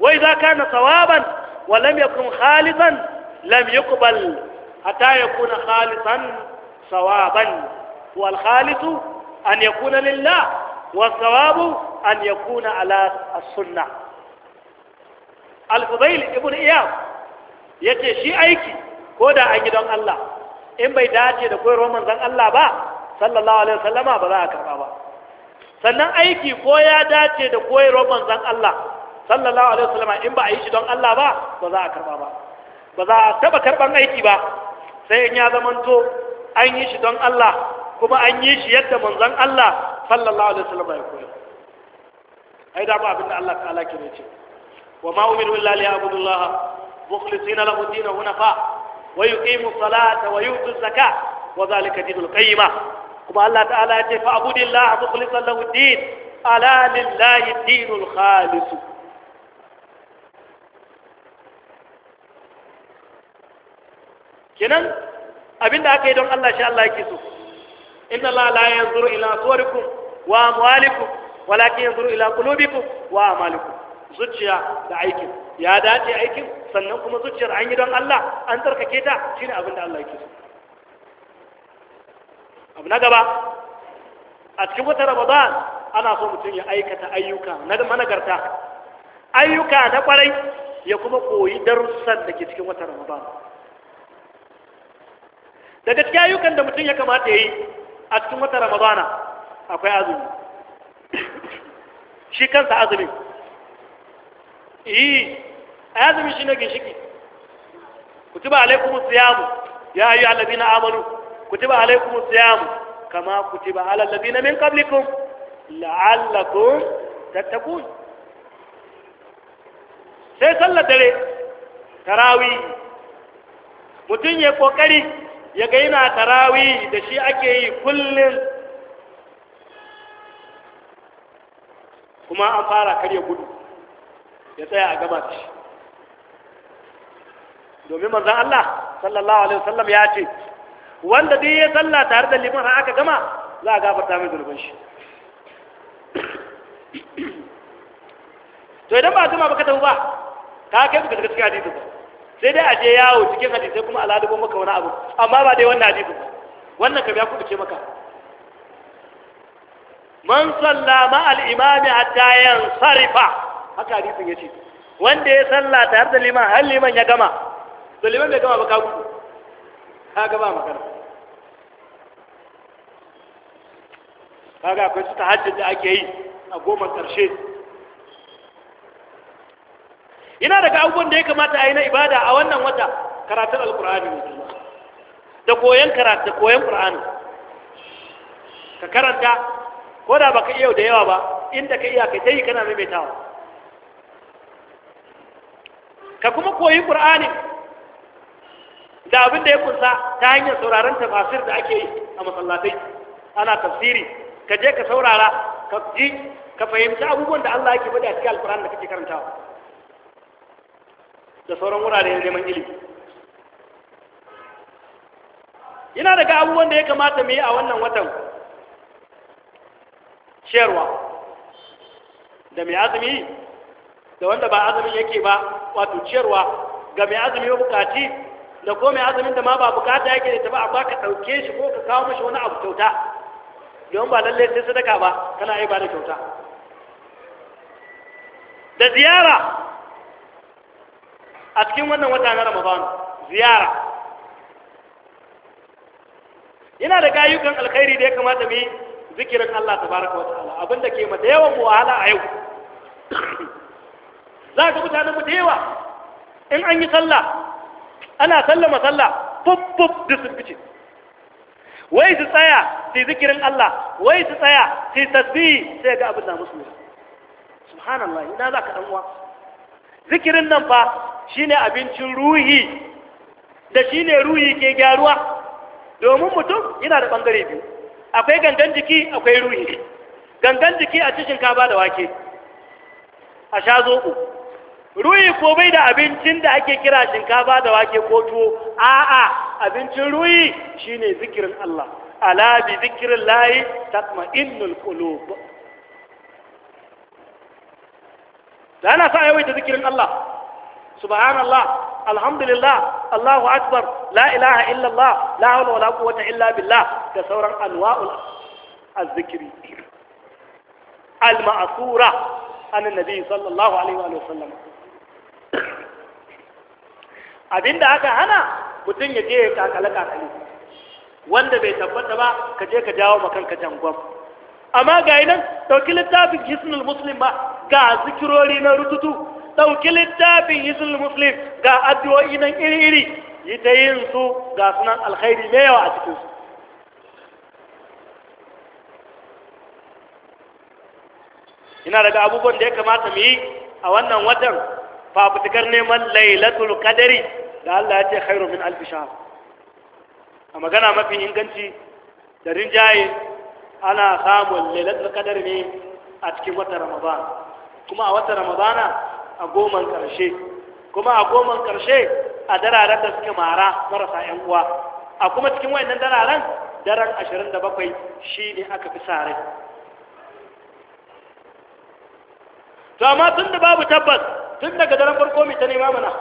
wai za ka na sawaban wa lam yakun khalisan lam yuqbal hatta yakuna khalisan sawaban wal khalisu an yakuna lillah wa sawabu an yakuna al yace shi aiki ko da an yi don Allah in bai dace da koyarwar zan Allah ba sallallahu alaihi wasallama ba za a karba ba sannan aiki ko ya dace da koyarwar zan Allah sallallahu alaihi wasallam in ba a yi shi don Allah ba ba za a karba ba ba za a taba karban aiki ba sai in ya zama to an yi shi don Allah kuma an yi shi yadda manzon Allah sallallahu alaihi wasallam ya koyar ai da ba abin da Allah ta'ala ke ce wa ma umiru illa li ya'budullaha mukhlisina lahu dinahu hunafa wa yuqimu salata wa yutu zakat wa zalika dinul qayyima kuma Allah ta'ala ya ce fa abudillaha mukhlisan lahu din ala lillahi dinul khalis kenan da aka yi don Allah shi Allah yake so inna la la yanzuru ila suwarikum wa amwalikum walakin yanzuru ila qulubikum wa amalikum zuciya da aikin ya dace aikin sannan kuma zuciyar an yi don Allah an tsarkake ta shine da Allah yake so abu na gaba a cikin wata Ramadan ana so mutum ya aikata ayyuka na managarta ayyuka na kwarai ya kuma koyi darussan da ke cikin wata Ramadan daga cikin ayyukan da mutum ya kamata ya yi a cikin wata ramadana akwai azumi shi kansa azumi yi azumi shi na ginshiki kutuba alaikum siyamu ya ayu allazina amanu kutuba alaikum siyamu kama kutuba ala na min qablikum la'allakum tattaku sai sallar dare tarawih mutum ya kokari ya ga yana tarawi da shi ake yi kullum kuma an fara karya gudu ya tsaya a gaba shi domin manzan Allah sallallahu alaihi wasallam ya ce wanda dai ya salla tare da liman har aka gama za a gafarta mai zurbin shi to idan ba a gama baka tafi ba ka kai baka daga cikin hadisi ba sai dai a je yawo cikin hadisai kuma al'adabo maka wani abu amma ba dai wannan hadisi ba wannan ka biya kuɗi ce maka man salla ma al-imami hatta yansarifa haka hadisin yace wanda ya salla har da liman har liman ya gama to liman bai gama ba ka gudu ka gaba magana kaga akwai su tahajjud da ake yi a goma karshe Ina daga abubuwan da ya kamata a yi na ibada a wannan wata karatun alkur'ani mai da koyon karatu da koyon qur'ani ka karanta ko da baka iya da yawa ba inda ka iya kai yi kana maimaitawa ka kuma koyi ƙur'ani da abin da ya kunsa ta hanyar sauraron tafasir da ake yi a masallatai ana tafsiri ka je ka saurara ka ji ka fahimci abubuwan da Allah yake faɗi a cikin alkur'ani da kake karantawa da sauran wurare na neman ilimi Ina daga abubuwan da ya kamata mu yi a wannan watan ciyarwa da mai azumi da wanda ba azumin yake ba wato ciyarwa ga mai azumi ba bukaci da ko mai azumin da ma ba bukata yake da ta ba amma ka ɗauke shi ko ka kawo mashi wani abu kyauta don ba lallai sai sadaka ba kana yi ba da kyauta da ziyara a cikin wannan wata na ramadan ziyara yana da gayyukan alkhairi da ya kamata mu yi zikirin Allah tabaraka wa ta'ala abinda ke mata yawan mu wahala a yau [COUGHS] za ka mutanen mu da yawa in an yi sallah ana sallama sallah fuffuf da sun fice wai su tsaya su zikirin Allah wai su tsaya su tasbihi sai ga abin da musu subhanallah ina za ka dan zikirin nan fa shi ne abincin ruhi da shi ne ruhi ke gyaruwa domin mutum yana da ɓangare biyu akwai gangan jiki akwai ruhi gangan jiki a cikin kaba da wake a sha zoɓo ruhi ko bai da abincin da ake kira shinkafa da wake ko tuwo a'a abincin ruhi shine zikirin Allah ala bi zikirin layi qulub da ana sa yawaita zikirin Allah subhanallah alhamdulillah Allahu akbar la ilaha illallah la hawla wala quwwata illa billah da sauran anwa'ul azzikri al-ma'thura an annabi sallallahu alaihi wa sallam abinda aka hana mutum ya je ya kakale kakale wanda bai tabbata ba ka je ka jawo makanka jangon amma ga nan ɗauki littafin hisnul muslim ba ga zikirori na rututu ɗauki littafin hizul muslim ga addu'o'i nan iri-iri yi ta yin su ga sunan alkhairi mai yawa a cikinsu ina daga abubuwan da ya kamata mu yi a wannan watan fafutukar neman lailatul kadari da Allah ya ce khairu min a magana mafi inganci da rinjaye ana samun lailatul kadari ne a cikin watan ramadan kuma a wata ramadana a goman karshe kuma a goman karshe a dararen da suke mara marasa yan uwa a kuma cikin wayannan dararen daren 27 ne aka fi sa to amma tun da babu tabbas tun daga daren farko mai ta nema mana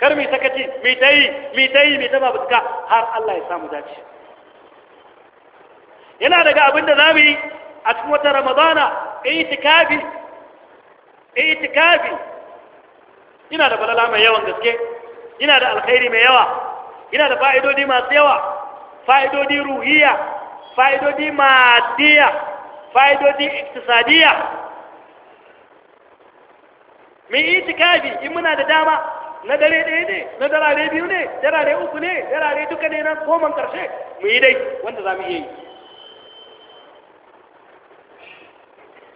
kar mai sakaci mai ta yi mai ta yi mai babu suka har Allah ya samu dace yana daga abin da za mu yi a cikin wata ramadana itikafi itikafi ina da balala mai yawan gaske ina da alkhairi mai yawa ina da fa'idodi masu yawa fa'idodi ruhiya fa'idodi madiya fa'idodi iktisadiya mai itikafi in muna da dama na dare ɗaya ne na darare biyu ne darare uku ne darare duka ne na koman ƙarshe mu yi dai wanda za mu iya yi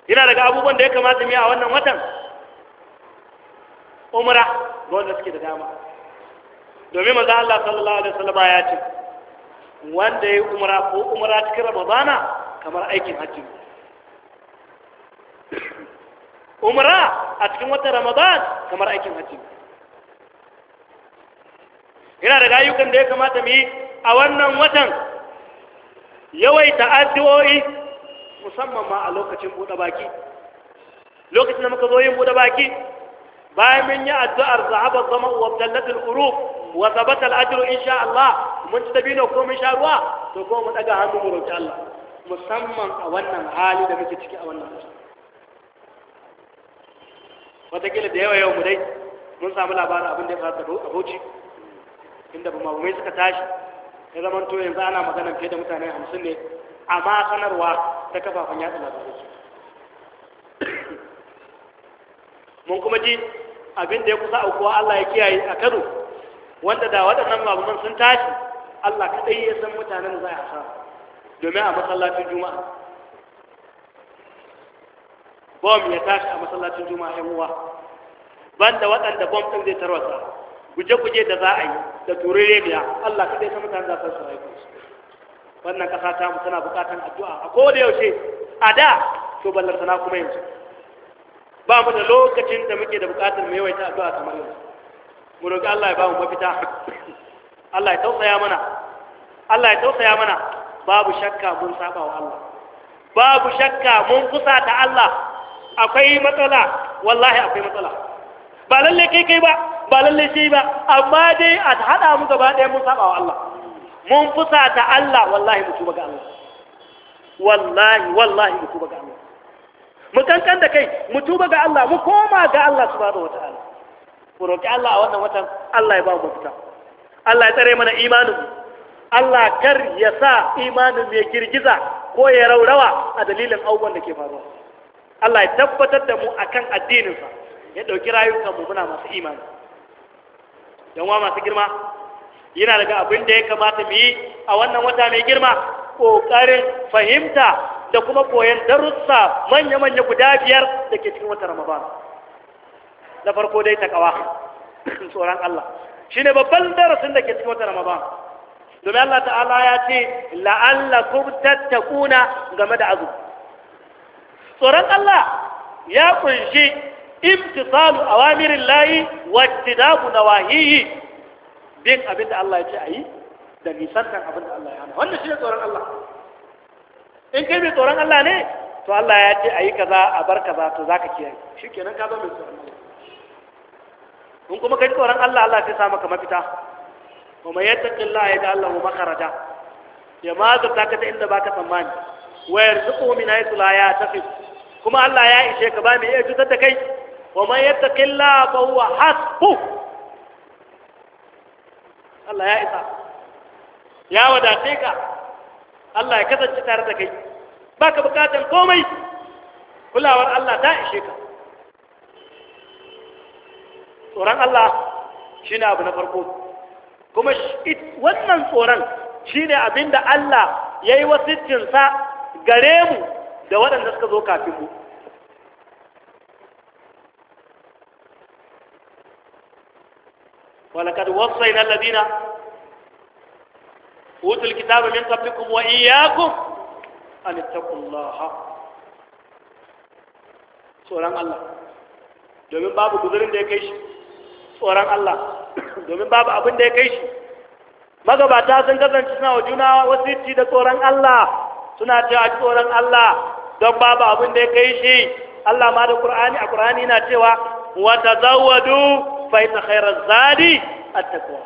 yana daga abubuwan da ya kamata mu yi a wannan watan umara, ga wanda suke da dama domin maza Allah sallallahu alaihi wasallam ya ce wanda ya umara ko umara cikin ramadana kamar aikin hajji [CLEARS THROAT] Umara a cikin watan ramadan kamar aikin hajji yana daga ayyukan da ya kamata mu yi a wannan watan yawaita addu'o'i musamman ma a lokacin buɗe baki lokacin da muka zo yin buɗe baki bayan mun yi addu'ar zahaba zama wa dallatul uruf wa sabata al-ajru insha Allah mun ci dabino ko mun sha ruwa to ko mu daga hannu mu roki Allah musamman a wannan hali da muke ciki a wannan lokaci wataƙila da yawa yau mu dai mun samu labarin abin da ya faru a Bauchi inda mai suka tashi ya zama to yanzu ana magana fiye da mutane hamsin ne amma sanarwa ta kafafen yatsa labarai mun kuma ji abin da ya kusa aukuwa Allah ya kiyaye a Kano wanda da waɗannan mabuman sun tashi Allah kaɗai ya san mutanen da za a sa domin a masallacin juma'a bom ya tashi a masallacin juma'a yan uwa banda waɗanda bom ɗin zai tarwata guje-guje da za a yi da turere biya Allah kaɗai san mutanen da za su haifu wannan ƙasa ta mu tana buƙatar addu'a a koda yaushe a da to ballar sana kuma yanzu ba mu da lokacin da muke da buƙatar mu yawaita addu'a kamar yanzu mu roƙi Allah ya ba mu mafita Allah ya tausaya mana Allah ya tausaya mana babu shakka mun saba wa Allah babu shakka mun kusa ta Allah akwai matsala wallahi akwai matsala ba lalle kai kai ba ba lalle shi ba amma dai a haɗa mu gaba ɗaya mun saba wa Allah mun fusa ta Allah wallahi mu tuba ga Allah wallahi wallahi mu tuba ga Allah mu kankan da kai mu tuba ga Allah mu koma ga Allah subhanahu wataala ku roki Allah a wannan watan Allah ya ba mu fita Allah ya tsare mana imanin Allah kar ya sa imanin ya girgiza ko ya raurawa a dalilin abubuwan da ke faruwa Allah ya tabbatar da mu akan addininsa ya ɗauki mu, muna masu imani yan masu girma yana daga abin da ya kamata mu yi a wannan wata mai girma ƙoƙarin fahimta da kuma koyon darussa manya-manya guda biyar da ke cikin wata ramadan na farko dai ta kawa [CLEARS THROAT] tsoron Allah shi babban darasin da ke cikin wata ramadan domin Allah ta'ala ya ce la'allakum tattakuna game da azu tsoron Allah ya kunshi imtisalu awamirin layi wa tidabu nawahihi bin abin da Allah ya ce a yi da nisantar abin da Allah ya hana wannan shi ne tsoron Allah in kai mai tsoron Allah ne to Allah ya ce a yi kaza a bar kaza to za ka kiyaye shi kenan ka zo mai tsoron Allah in kuma kai tsoron Allah Allah sai sa maka mafita wa man yattaqillaha yaj'al lahu makhraja ya ma zata ka ta inda baka tsammani wayar yarzuquhu min haythu la yahtasib kuma Allah ya ishe ka ba mai iya cutar da kai wa yadda yattaqillaha fa huwa hasbuh Allah ya isa ya wadace ka Allah ya kasance tare da kai baka bukatan komai kulawar Allah ta ishe ka tsoron Allah shine abu na farko kuma wannan tsoron shine abinda Allah yayi wasiccinsa gare mu da waɗanda suka zo kafin mu ولقد وصينا الذين أوتوا الكتاب من قبلكم وإياكم أن اتقوا الله tsoron Allah domin babu guzurin da ya kai shi tsoron Allah domin babu abin da ya kai shi magabata sun kasance suna wa juna wasiti da tsoron Allah suna cewa tsoron Allah don babu abin da ya kai shi Allah ma da Qur'ani a Qur'ani yana cewa wa tazawwadu فإن خير الزاد التقوى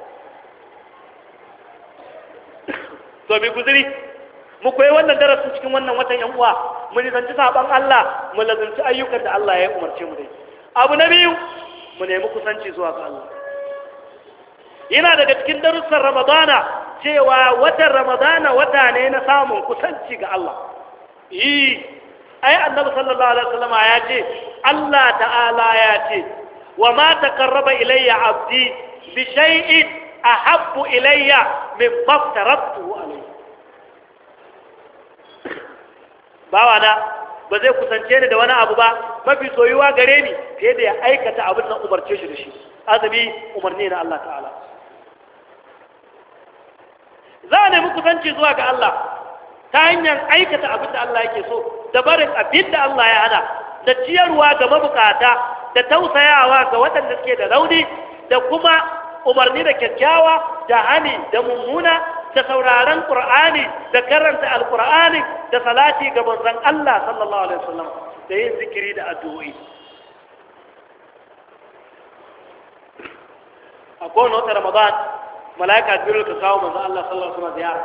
to bi guzuri mu koyi wannan darasin cikin wannan watan yan uwa mu nisanci saban Allah mu lazanci ayyukan da Allah ya umarce mu da abu na biyu mu nemi kusanci zuwa ga Allah yana daga cikin darussan Ramadana cewa watan Ramadana wata ne na samun kusanci ga Allah yi ai annabi sallallahu alaihi wasallama ya ce Allah ta'ala ya ce wa ma taqarraba ilayya abdi bi shay'in ahabbu ilayya mimma aftaratuhu alayhi bawa na ba zai kusance ni da wani abu ba mafi soyuwa gare ni fiye da ya aikata abin nan umarce shi da shi azumi umarni na Allah ta'ala za mu nemi kusanci zuwa ga Allah ta hanyar aikata abin da Allah yake so da barin abin da Allah ya hana da ciyarwa ga mabukata da tausayawa ga waɗanda suke da rauni da kuma umarni da kyakkyawa da hani da mummuna da sauraron ƙur'ani da karanta alƙur'ani da salati ga manzon Allah sallallahu alaihi wasallam da yin zikiri da addu'o'i a kowane wata ramadan mala'ika jibril ka kawo manzon Allah sallallahu alaihi wasallam ziyara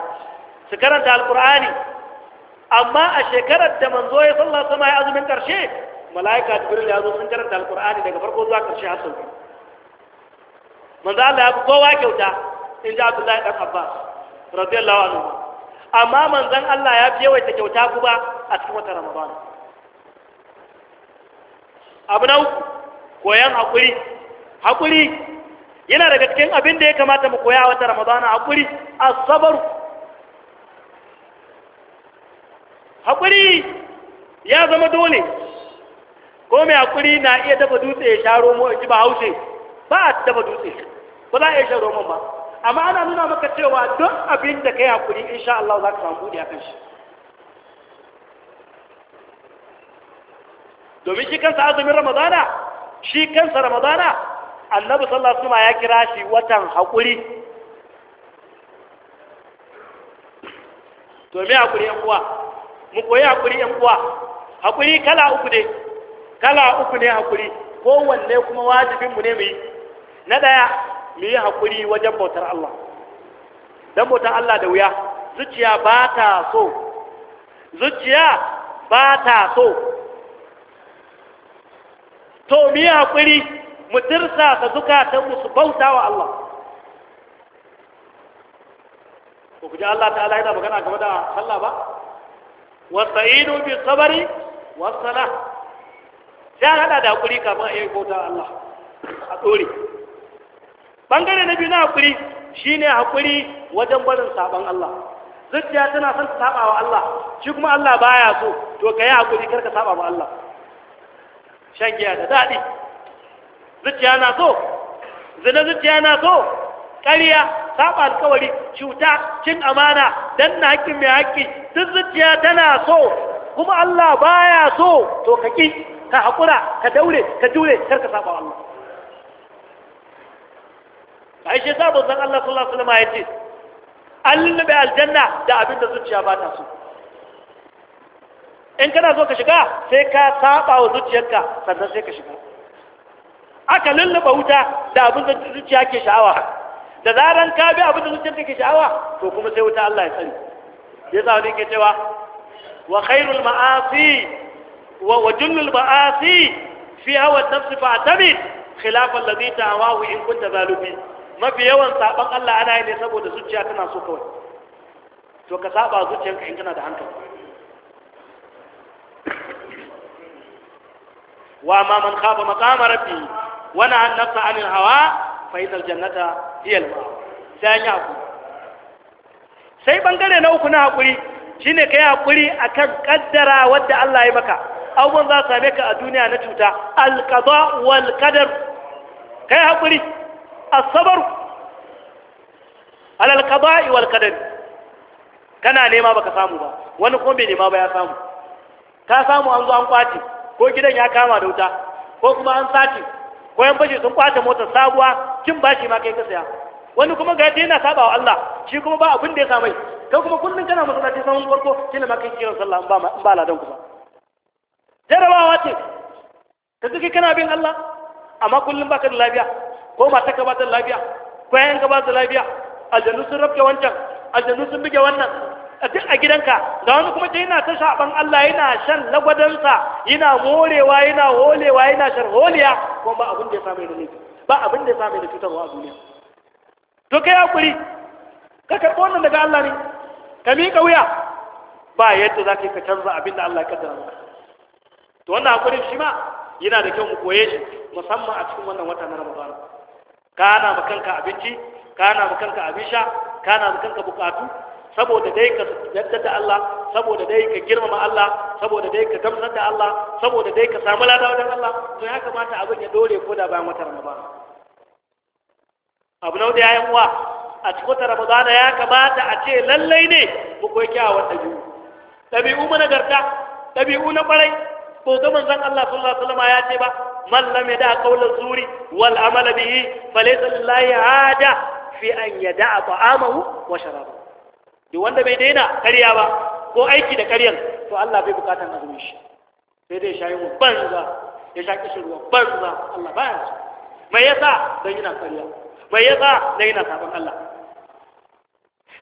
su karanta alƙur'ani amma a shekarar da manzo ya sallallahu alaihi wasallam ya azumin ƙarshe mala'ika jibril ya zo sun karanta alqur'ani daga farko zuwa karshe har sau biyu manzo Allah ya fi kowa kyauta in ji Abdullahi dan Abbas radiyallahu anhu amma manzon Allah ya fi yawaita kyauta ku ba a cikin watan Ramadan abu na uku koyan hakuri hakuri yana daga cikin abin da ya kamata mu koya wata ramadana hakuri asabaru hakuri ya zama dole ko mai hakuri na iya dafa dutse ya sha mu ji ba haushe ba a dafa dutse ba za a iya sharo romon ba amma ana nuna maka cewa don abin da ka yi hakuri insha Allah za ka samu gudi akan shi domin shi kansa azumin ramadana shi kansa ramadana annabi sallallahu alaihi wasallam ya kira shi watan hakuri to me hakuri yan uwa mu koyi hakuri yan uwa hakuri kala uku ne kala uku ne hakuri kowanne kuma wajibin mu ne mu yi na daya mu yi hakuri wajen bautar Allah dan bautar Allah da wuya zuciya ba ta so zuciya ba ta so to mu yi hakuri mu tirsa ta zukatan ta su bauta wa Allah ko kuje Allah ta'ala yana magana game da sallah ba wa ta'inu bi sabari wa salah sai an hada da hakuri kafin a yi bauta Allah a tsori bangare na biyu na hakuri shine hakuri wajen barin sabon Allah zuciya tana son ta saba wa Allah shi kuma Allah baya so to ka yi hakuri karka saba wa Allah shan giya da daɗi, zuciya na so zina zuciya na so ƙariya saba alkawari cuta cin amana danna hakkin mai hakki duk zuciya tana so kuma Allah baya so to ka ƙi. ka haƙura ka daure ka jure kar ka saba Allah ai shi sa manzon Allah sallallahu alaihi wasallam ya ce an lullube aljanna da abin da zuciya ba ta so in kana so ka shiga sai ka saba wa zuciyarka sannan sai ka shiga aka lullube wuta da abin da zuciya ke sha'awa da zaran ka bi abin da zuciyarka ke sha'awa to kuma sai wuta Allah ya tsare yasa wani ke cewa wa khairul ma'asi وجل المآسي في هوى النفس فاعتمد خلاف الذي دعواه إن كنت ظالمي ما في يوم سابق الله أنا إني سبو دسوتشا كنا سوكوي to ka saba zuciyarka in kana da hankali wa ma man khafa maqama rabbi wa nahan nafsa anil hawa fa innal jannata hiya sai an yaku na uku na hakuri shine kai hakuri akan ƙaddara wadda Allah ya maka abubuwan za su same ka a duniya na cuta alƙaba walkadar kai haƙuri asabar alalƙaba wal kadar kana nema baka samu ba wani kuma bai nema ba ya samu ka samu an zo an kwace ko gidan ya kama da wuta ko kuma an sace ko yan baje sun kwace motar sabuwa kin bashi ma kai ka saya wani kuma ga yana saba wa Allah shi kuma ba abin da ya samai kai kuma kullun kana masallaci samun farko kina ma kai kiran sallah in ba in ba ladan ku ba Da kai kana bin Allah amma kullum baka da lafiya ko ba ta ba ta lafiya ko yayan ka da lafiya aljannu sun rabke wancan aljannu sun buge wannan a duk a gidanka ga wani kuma ta yana ta shaban Allah yana shan lagwadansa yana morewa yana holewa yana shan holiya kuma ba abin da ya samu da laifi ba abin da ya samu da cutarwa a duniya to kai hakuri ka karɓi wannan daga Allah ne ka miƙa wuya ba yadda za ka yi ka canza abin da Allah ya kaddara maka to wannan hakurin shi ma yana da kyau mu koye shi musamman a cikin wannan wata na ramadan ka na kanka abinci ka na kanka abin sha ka na kanka bukatu saboda dai ka yadda da Allah saboda dai ka girmama Allah saboda dai ka gamsar da Allah saboda dai ka samu ladawa wajen Allah to ya kamata abin ya dore ko da bayan wata ramadan abu na ya yan uwa a cikin wata ramadana ya kamata a ce lallai ne mu koyi kyawawan ɗabi'u ɗabi'u managarta ɗabi'u na ƙwarai to ga manzon Allah sallallahu alaihi wasallam ya ce ba man lam yada qawla zuri wal amala bihi falaysa lillahi hada fi an yada ta'amahu wa sharabahu duk wanda bai daina karya ba ko aiki da karyan to Allah bai bukatan azumin shi sai dai shayi mu banza ya sha kishin ruwa banza Allah baya so mai yasa dan yana karya mai yasa dan yana sabon Allah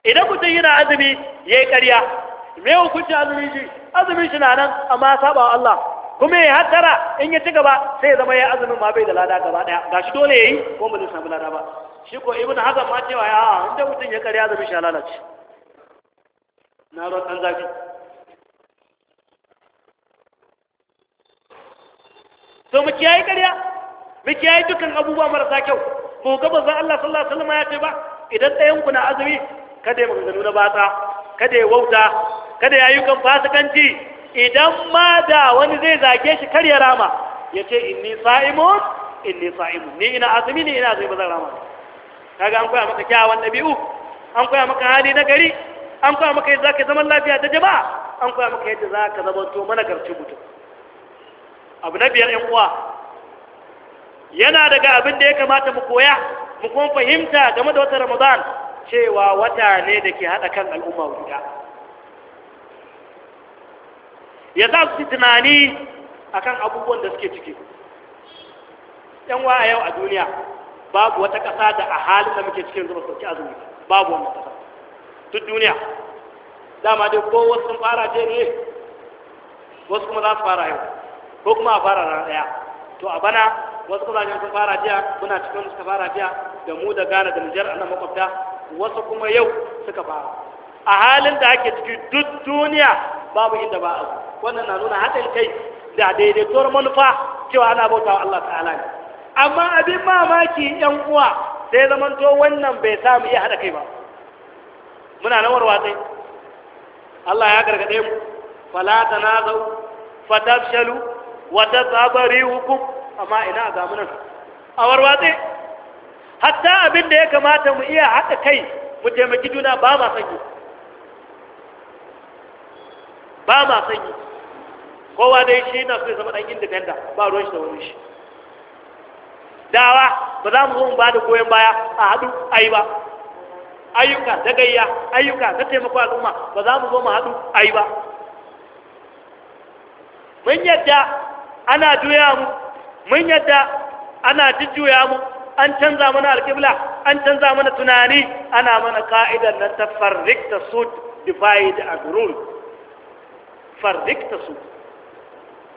idan mutum yana azumi ya yi karya. me hukunci azumin shi azumin shi na nan amma saba Allah kuma ya hattara in ya ci gaba sai ya zama ya azumin ma bai da lada gaba daya gashi dole yayi ko ba zai samu lada ba shi ko ibnu hazan ma cewa ya inda mutum ya karya azumin shi lalace na ro dan zafi to mu kiyaye karya mu kiyaye dukkan abubuwa marasa kyau ko ga bazan Allah sallallahu alaihi wasallam ya ce ba idan ɗayan ku na azumi kada ya maganganu na batsa kada ya wauta kada ya kan fasikanci idan ma da wani zai zage shi kar ya rama ya ce inni sa'imun inni sa'imun ni ina azumi ni ina azumi ba zan rama kaga an koya maka kyawawan ɗabi'u an koya maka hali na gari an koya maka yadda zaka zaman lafiya ta jama'a an koya maka yadda zaka zama to garci mutum abu na biyar yan uwa yana daga abin da ya kamata mu koya mu kuma fahimta game da wata ramadan cewa wata ne da ke haɗa kan al'umma guda ya za su tunani akan abubuwan da suke ciki yan wa a yau a duniya babu wata ƙasa da a halin da muke cikin zuba sauki azumi babu wani ƙasa duk duniya dama dai ko wasu sun fara je ne wasu kuma za su fara yau ko kuma a fara rana ɗaya to a bana wasu kuma sun fara jiya muna cikin suka fara jiya da mu da gane da nijar a nan makwabta wasu kuma yau suka fara a halin da ake ciki duk duniya babu inda ba a wannan na nuna haɗin kai da daidaituwar manufa cewa ana bautawa Allah ta'ala ne amma abin mamaki yan uwa sai zamanto wannan bai samu iya haɗa kai ba muna nan warwatsai Allah ya gargaɗe mu fala tanazau fatafshalu wa tazhaba hukum. amma ina ga mu nan a warwatsai hatta abin da ya kamata mu iya haɗa kai mu taimaki juna ba ma sanyi ba ma sanyi kowa dai shi na so ya zama ɗan indipenda ba ruwan shi da wani shi dawa ba za mu zo mu ba da goyon baya a haɗu yi ba ayyuka ta gayya ayyuka na taimako al'umma ba za mu zo mu haɗu yi ba mun yadda ana juya mu mun yadda ana jujjuya mu an canza mana alƙibla an canza mana tunani ana mana ka'idar na ta farrikta su divide and rule farrikta su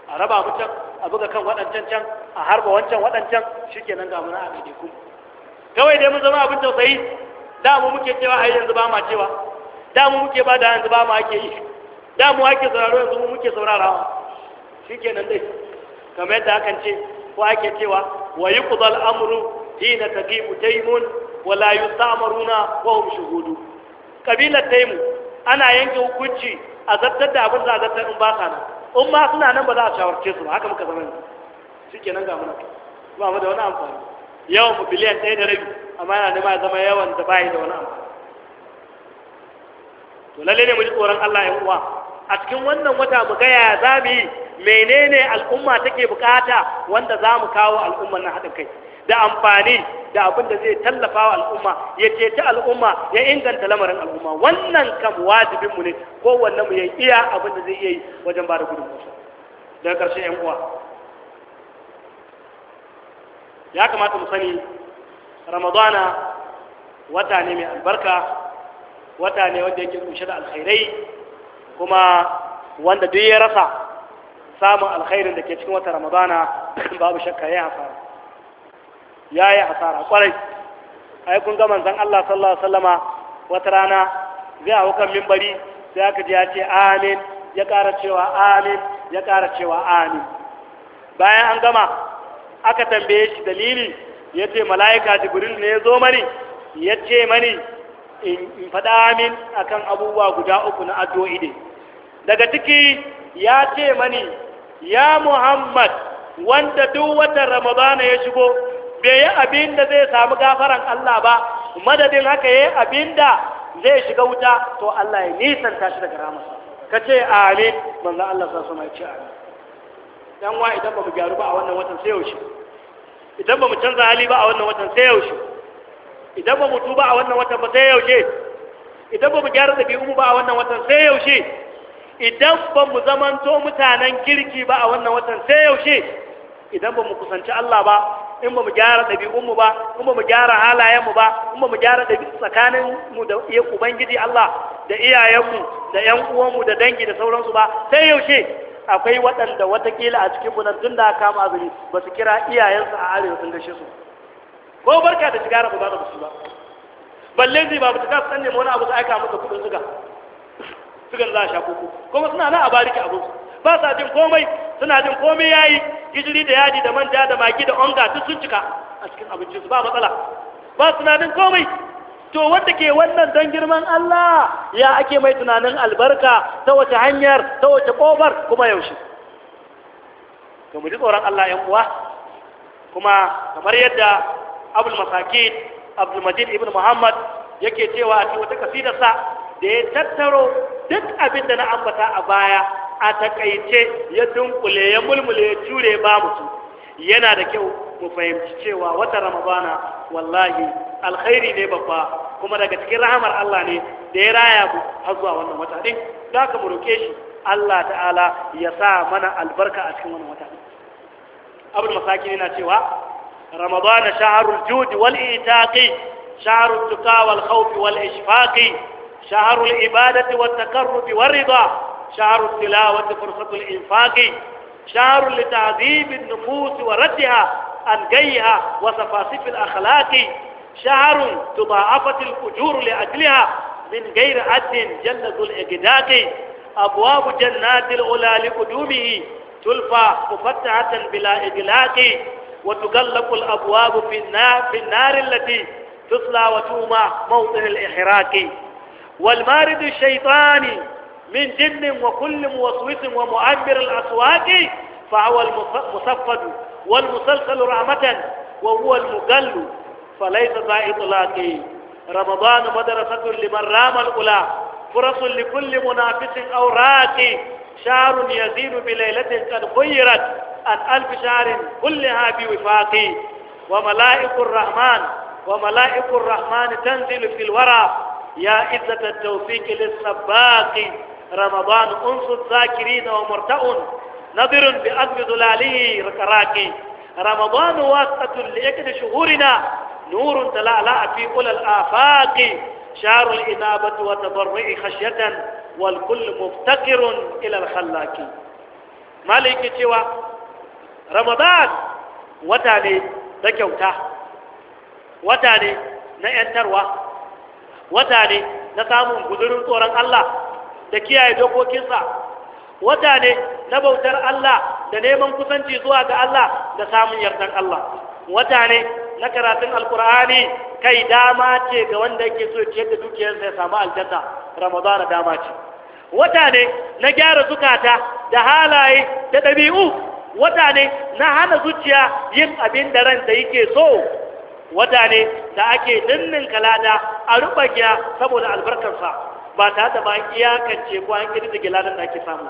a raba mu can a buga kan waɗancan can a harba wancan waɗancan shi ke nan gamuna a ɗaiɗaiku kawai dai mun zama abin tausayi da mu muke cewa a yanzu ba ma cewa da mu muke ba da yanzu ba ma ake yi da mu ake sauraro yanzu mu muke saurarawa nan dai kamar yadda akan ce ko ake cewa wa yuqdal amru hina taqimu taymun wa la yusamaruna wa hum shuhudu kabilar taimu ana yanke hukunci a zartar da abin za a zartar in ba sa nan in ma suna nan ba za a shawarce su ba haka muka zama yanzu shi nan ga muna ba mu da wani amfani yawan mu biliyan ɗaya da rabi amma yana nema ya zama yawan da bayi da wani amfani to lalle ne mu ji tsoron Allah ya uwa a cikin wannan wata mu ga ya za mu yi menene al'umma take bukata wanda za mu kawo al'umman nan haɗin kai da amfani da abin da zai tallafa wa al'umma ya ceci al'umma ya inganta lamarin al'umma wannan kam wajibinmu ne kowanne mu ya iya abin da zai iya yi wajen ba da gudunmuwa daga ƙarshen 'yan uwa ya kamata mu sani ramadana wata ne mai albarka wata ne wanda yake kunshe da alkhairai kuma wanda duk ya rasa samun alkhairin da ke cikin wata ramadana babu shakka ya ya yi hasara kwarai ai kun gama zan Allah sallallahu alaihi wasallama wata rana zai hau kan mimbari sai aka ji ya ce amin ya ƙara cewa amin ya ƙara cewa amin bayan an gama aka tambaye shi dalili ya ce mala'ika jibril ne ya zo mani ya ce mani in faɗa amin akan abubuwa guda uku na addu'o'i ne daga ciki ya ce mani ya muhammad wanda duk watan ramadana ya shigo bai yi abin da zai samu gafaran Allah ba madadin haka yi abin da zai shiga wuta to Allah ya nisan shi daga ramarsa ka ce amin manzo Allah sa sama ya ce amin dan wa idan ba mu gyaru ba a wannan watan sai yaushe idan ba mu canza hali ba a wannan watan sai yaushe idan ba mu tuba a wannan watan ba sai yaushe idan ba mu gyara dabi'u ba a wannan watan sai yaushe idan ba mu zamanto mutanen kirki ba a wannan watan sai yaushe idan ba mu kusanci Allah ba in ba mu gyara ɗabi'unmu ba in ba mu gyara halayenmu ba in ba mu gyara ɗabi'u tsakanin mu da iya ubangiji Allah da iyayenmu da ƴan uwanmu da dangi da sauransu ba sai yaushe akwai waɗanda watakila a cikin bunan tun da aka kama azumi ba su kira iyayensu a arewa sun gashe su ko barka da shiga rabu ba da su ba balle zai ba ta kafa tsanne wani abu su aika masa kuɗin suga sugan za a sha koko kuma suna nan a bariki abinsu ba sa jin komai suna jin komai yayi gijiri da yadi da manja da magi da onga duk sun cika a cikin abincin su ba matsala ba jin komai to wanda ke wannan don girman Allah ya ake mai tunanin albarka ta wace hanyar ta wace kofar kuma yaushe to mu ji tsoron Allah yan uwa kuma kamar yadda Abdul Masakid Abdul Majid ibn Muhammad yake cewa a cikin wata kasidarsa da ya tattaro duk abin da na ambata a baya a takaice ya dunkule ya mulmule ya jure babu su yana da kyau mu fahimci cewa wata ramadana wallahi alkhairi ne babba kuma daga cikin rahamar Allah ne da ya raya mu har zuwa wannan wata din da ka mu roke shi Allah ta'ala ya sa mana albarka a cikin wannan wata abul masakin yana cewa ramadana shahrul jud wal itaqi shahrut tuqa wal khawf wal ishfaqi shahrul ibadati wat takarrub war ridha شهر التلاوة فرصة الإنفاق شهر لتعذيب النفوس وردها عن وصفاصف وسفاسف الأخلاق شهر تضاعفت الأجور لأجلها من غير عد جل ذو الإقداق أبواب جنات العلا لقدومه تلفى مفتحة بلا إغلاق وتقلق الأبواب في النار, في النار التي تصلى وتومى موطن الإحراق والمارد الشيطاني من جن وكل موسوس ومعبر الأصوات فهو المصفد والمسلسل رحمة وهو المقل فليس ذا إطلاق رمضان مدرسة لمن رام الأولى فرص لكل منافس أو راقي شهر يزيد بليلة قد خيرت عن ألف شهر كلها بوفاق وملائك الرحمن وملائك الرحمن تنزل في الورى يا عزة التوفيق للسباق رمضان أنس الذاكرين ومرتأ نظر بأذب ظلاله ركراكي رمضان واسطة لإكد شهورنا نور تلألأ في أولى الآفاق شار الإنابة وتضرع خشية والكل مفتقر إلى الخلاكي مالك تيوى رمضان وتاني دكوتا وتاني نأنتروا وتاني نتامون قدر القرآن الله da kiyaye dokokinsa wata ne na bautar Allah da neman kusanci zuwa ga Allah da samun yardan Allah wata ne na karatun alkur'ani kai dama ce ga wanda yake so ciyar da dukiyarsa ya samu aljanna ramadana dama ce wata ne na gyara zukata da halaye da ɗabi'u wata ne na hana zuciya yin abin da ranta yake so wata ne da ake dinnin kalada a rubagiya saboda albarkarsa ba ta da ba an iyakance ko an kididdige ladan da ake samu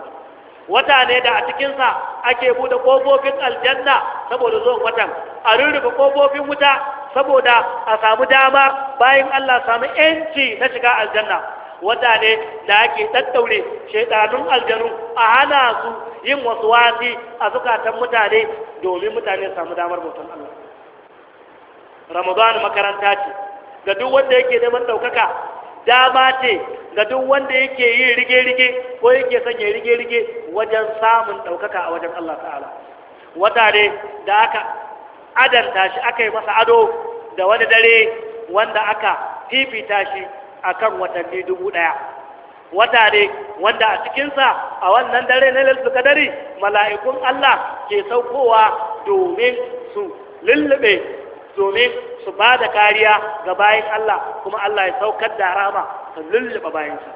wata ne da a cikin sa ake buɗe kofofin aljanna saboda zuwan watan a rurrufe kofofin wuta saboda a samu dama bayan Allah samu ‘yanci na shiga aljanna wata ne da ake tattaure shaidanun aljanu a hana su yin wasu wasi a zukatan mutane domin mutane samu damar bautan Allah ramadan makaranta ce ga duk wanda yake neman ɗaukaka dama ce ga duk wanda yake yin rige-rige ko yake son ya rige-rige wajen samun ɗaukaka a wajen Allah ta'ala wata ne da aka adanta shi aka yi masa ado da wani dare wanda aka fifita shi kan watanni dubu ɗaya wata ne wanda a cikinsa a wannan dare na lalzu kadari mala'ikun Allah ke saukowa domin su lullube domin su ba da kariya ga bayan Allah kuma Allah ya saukar da rama ta lullaba bayansa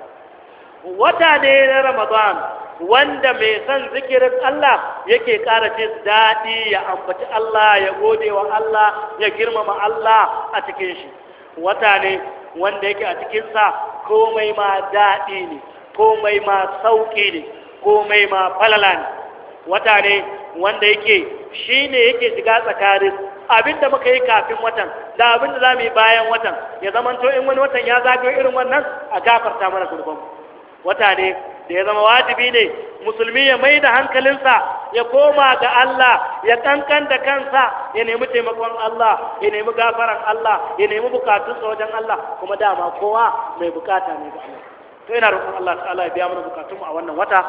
wata ne na ramadan wanda mai son zikirin Allah yake ƙara jin daɗi ya ambaci Allah ya gode wa Allah ya girmama Allah a cikin shi wata ne wanda yake a cikinsa komai ma daɗi ne komai ma sauƙi ne komai ma falala ne wata ne wanda yake shi ne yake shiga tsakanin abin da muka yi kafin watan da abin da za mu yi bayan watan ya zama to in wani watan ya zagayo irin wannan a gafarta mana gurbin wata ne da ya zama wajibi ne musulmi ya mai da hankalinsa ya koma ga Allah ya kankan da kansa ya nemi taimakon Allah ya nemi gafaran Allah ya nemi bukatunsa wajen Allah kuma dama kowa mai bukata ne ga Allah to ina roƙon Allah ta'ala ya biya mana bukatunmu a wannan wata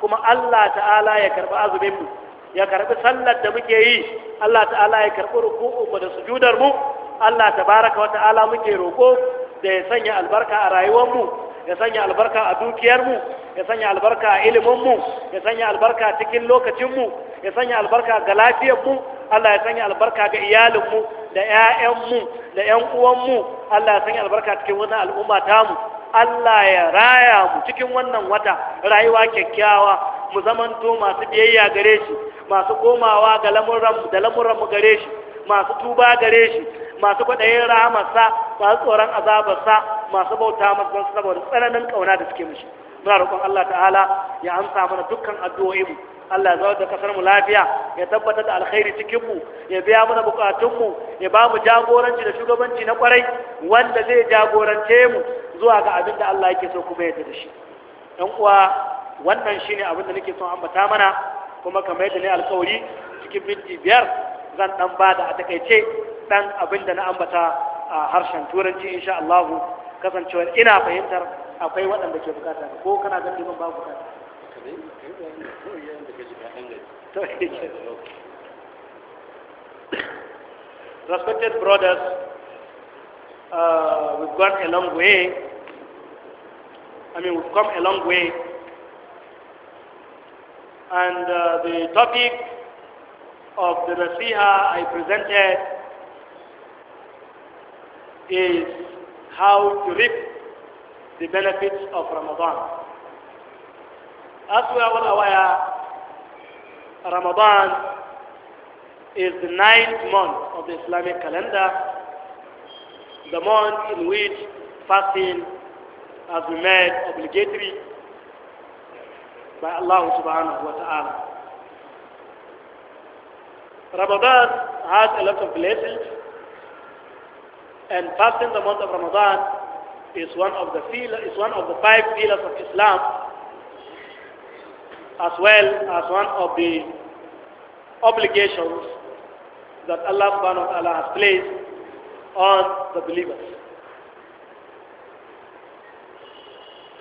kuma Allah ta'ala ya karba azumin mu ya karbi sallar da muke yi Allah ta'ala ya karbi ruku'u mu da sujudar mu Allah tabaraka wa ta'ala muke roko da ya sanya albarka a rayuwar mu ya sanya albarka a dukiyar mu ya sanya albarka a ilimin mu ya sanya albarka cikin lokacin mu ya sanya albarka ga lafiyar mu Allah ya sanya albarka ga iyalin mu da ƴaƴan mu da ƴan uwan mu Allah ya sanya albarka cikin wannan al'umma mu. Allah ya raya mu cikin wannan wata rayuwa kyakkyawa mu zamanto masu biyayya gare shi masu komawa ga lamuran mu gare shi masu tuba gare shi masu kwaɗayin rahamarsa masu tsoron azabarsa masu bauta masu saboda tsananin kauna da suke mishi muna roƙon Allah ta'ala ya amsa mana dukkan addu'o'inmu Allah ya zawo da kasar mu lafiya ya tabbatar da alkhairi cikin mu ya biya mana bukatun mu ya ba mu jagoranci da shugabanci na kwarai wanda zai jagorance mu zuwa ga abin da Allah yake so kuma ya da shi ɗan uwa wannan shine abin da nake son ambata mana kuma kamar yadda ne alkawari cikin minti biyar zan dan bada a takaice dan abin da na ambata a harshen turanci insha Allah kasancewar ina fahimtar akwai waɗanda ke bukata ko kana ganin ban ba bukata Respected brothers, uh, we've gone a long way. I mean, we've come a long way and uh, the topic of the Nasiha I presented is how to reap the benefits of Ramadan. As we are all aware, Ramadan is the ninth month of the Islamic calendar, the month in which fasting has been made obligatory by Allah subhanahu wa ta'ala. Ramadan has a lot of blessings and fasting the month of Ramadan is one of the is one of the five pillars of Islam as well as one of the obligations that Allah subhanahu wa ta'ala has placed on the believers.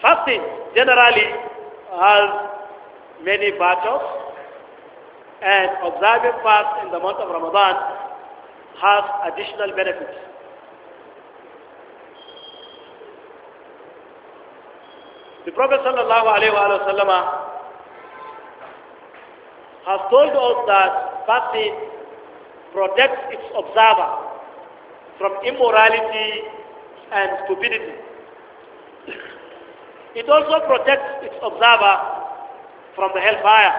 Fasting generally has many battles, and observing fast in the month of Ramadan has additional benefits. The Prophet sallallahu has told us that fasting protects its observer from immorality and stupidity. It also protects its observer from the hellfire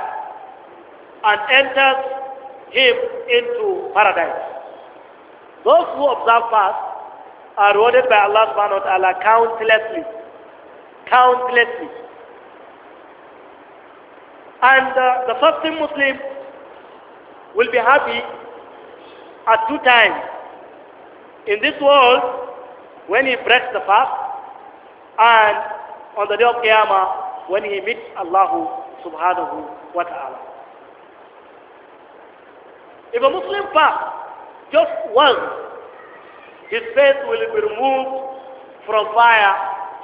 and enters him into paradise. Those who observe fast are rewarded by Allah subhanahu wa ta'ala countlessly. Countlessly. And uh, the fasting Muslim will be happy at two times. In this world, when he breaks the fast, and on the day of Qiyamah when he meets Allah subhanahu wa ta'ala. If a Muslim fasts just once, his face will be removed from fire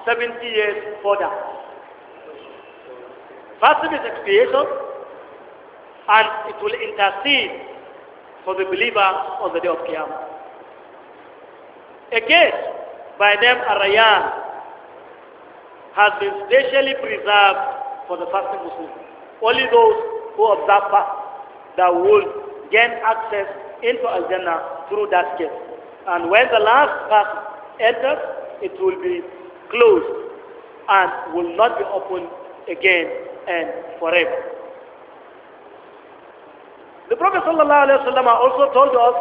70 years further. Fasting is expiation and it will intercede for the believer on the day of Qiyamah. Again, by them Arayan has been specially preserved for the fasting Muslim. Only those who observe fast that will gain access into Al-Jannah through that gate. And when the last fast enters, it will be closed and will not be opened again and forever. The Prophet ﷺ also told us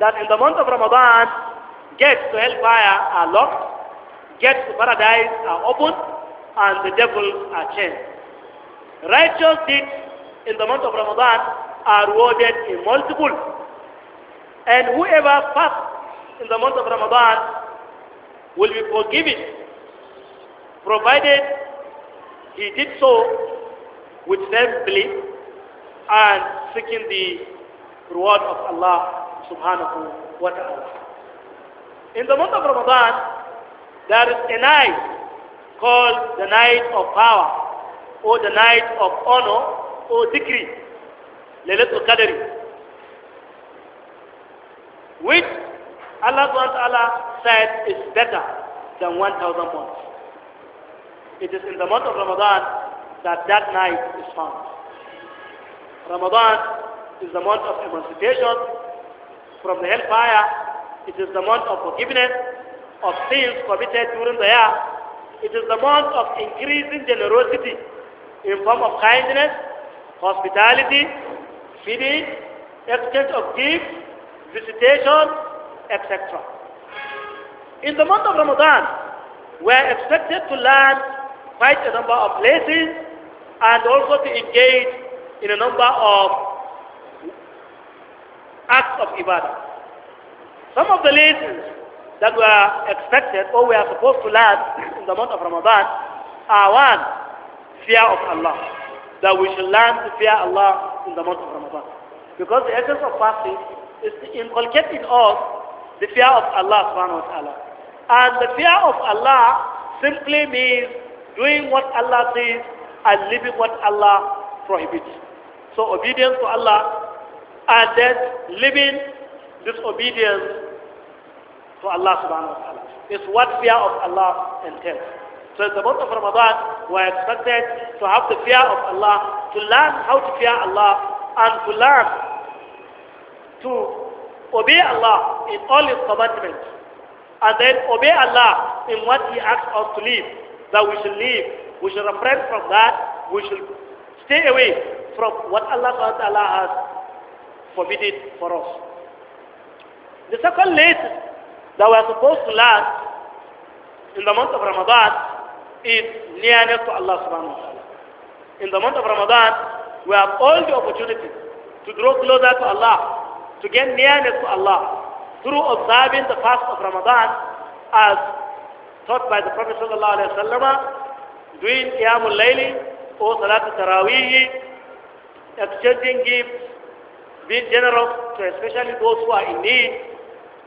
that in the month of Ramadan, gates to hellfire are locked gates to paradise are open and the devils are chained. Righteous deeds in the month of Ramadan are rewarded in multiple. And whoever fasts in the month of Ramadan will be forgiven, provided he did so with self-belief and seeking the reward of Allah subhanahu wa ta'ala. In the month of Ramadan, there is a night called the night of power, or the night of honor, or decree, Laylatul Qadr, which Allah SWT said is better than 1,000 months. It is in the month of Ramadan that that night is found. Ramadan is the month of emancipation from the hellfire. It is the month of forgiveness of sins committed during the year. It is the month of increasing generosity in form of kindness, hospitality, feeding, exchange of gifts, visitation, etc. In the month of Ramadan, we are expected to learn quite a number of lessons and also to engage in a number of acts of ibadah. Some of the lessons that were expected or we are supposed to learn in the month of Ramadan are one, fear of Allah. That we should learn to fear Allah in the month of Ramadan. Because the essence of fasting is to inculcate in us the fear of Allah subhanahu wa ta'ala. And the fear of Allah simply means doing what Allah says and leaving what Allah prohibits. So obedience to Allah and then living disobedience to Allah subhanahu wa ta'ala. It's what fear of Allah entails. So in the month of Ramadan, we're expected to have the fear of Allah, to learn how to fear Allah, and to learn to obey Allah in all His commandments, and then obey Allah in what He asks us to leave. that we should leave, we should refrain from that, we should stay away from what Allah subhanahu wa ta'ala has forbidden for us. The second latest that we are supposed to last in the month of Ramadan is nearness to Allah subhanahu wa ta'ala. In the month of Ramadan, we have all the opportunities to draw closer to Allah, to get nearness to Allah through observing the fast of Ramadan as taught by the Prophet sallallahu alaihi wasallam, doing Qiyamul Layli or Salatul Taraweeh, exchanging gifts, being generous to especially those who are in need,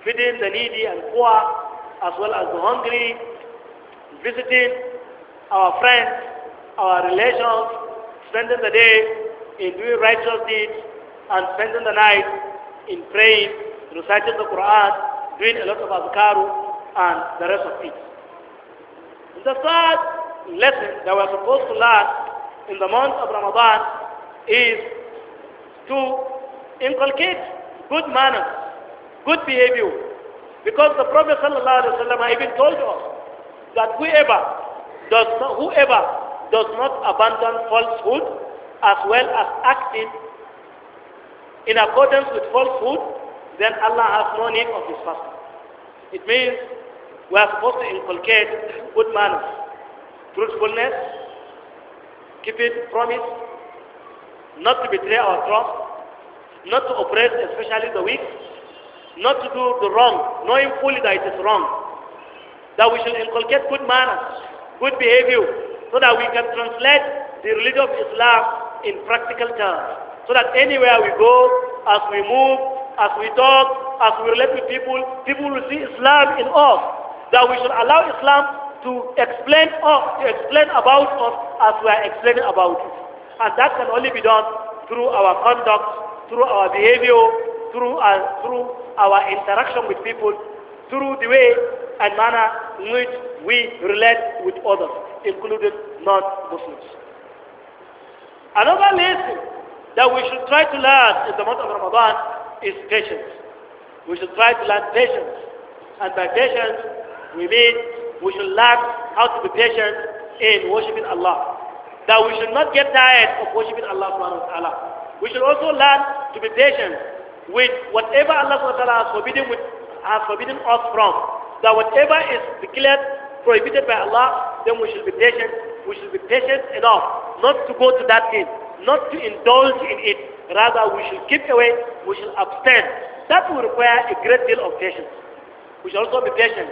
feeding the needy and poor, as well as the hungry, visiting our friends, our relations, spending the day in doing righteous deeds, and spending the night in praying, reciting the Quran, doing a lot of azkaru, and the rest of it. The third lesson that we're supposed to learn in the month of Ramadan is to inculcate good manners Good behavior. Because the Prophet ﷺ even told us that whoever does not, whoever does not abandon falsehood as well as acting in accordance with falsehood, then Allah has no need of his fasting. It means we are supposed to inculcate good manners, truthfulness, keeping promise, not to betray our trust, not to oppress especially the weak, not to do the wrong, knowing fully that it is wrong. That we should inculcate good manners, good behavior, so that we can translate the religion of Islam in practical terms. So that anywhere we go, as we move, as we talk, as we relate with people, people will see Islam in us. That we should allow Islam to explain us, to explain about us as we are explaining about it. And that can only be done through our conduct, through our behavior, through our, uh, through our interaction with people through the way and manner in which we relate with others, including non-Muslims. Another lesson that we should try to learn in the month of Ramadan is patience. We should try to learn patience. And by patience, we mean we should learn how to be patient in worshiping Allah. That we should not get tired of worshiping Allah subhanahu wa ta'ala. We should also learn to be patient with whatever Allah SWT has forbidden, with, has forbidden us from. That whatever is declared prohibited by Allah, then we should be patient. We should be patient enough not to go to that thing, not to indulge in it. Rather, we should keep away, we should abstain. That will require a great deal of patience. We should also be patient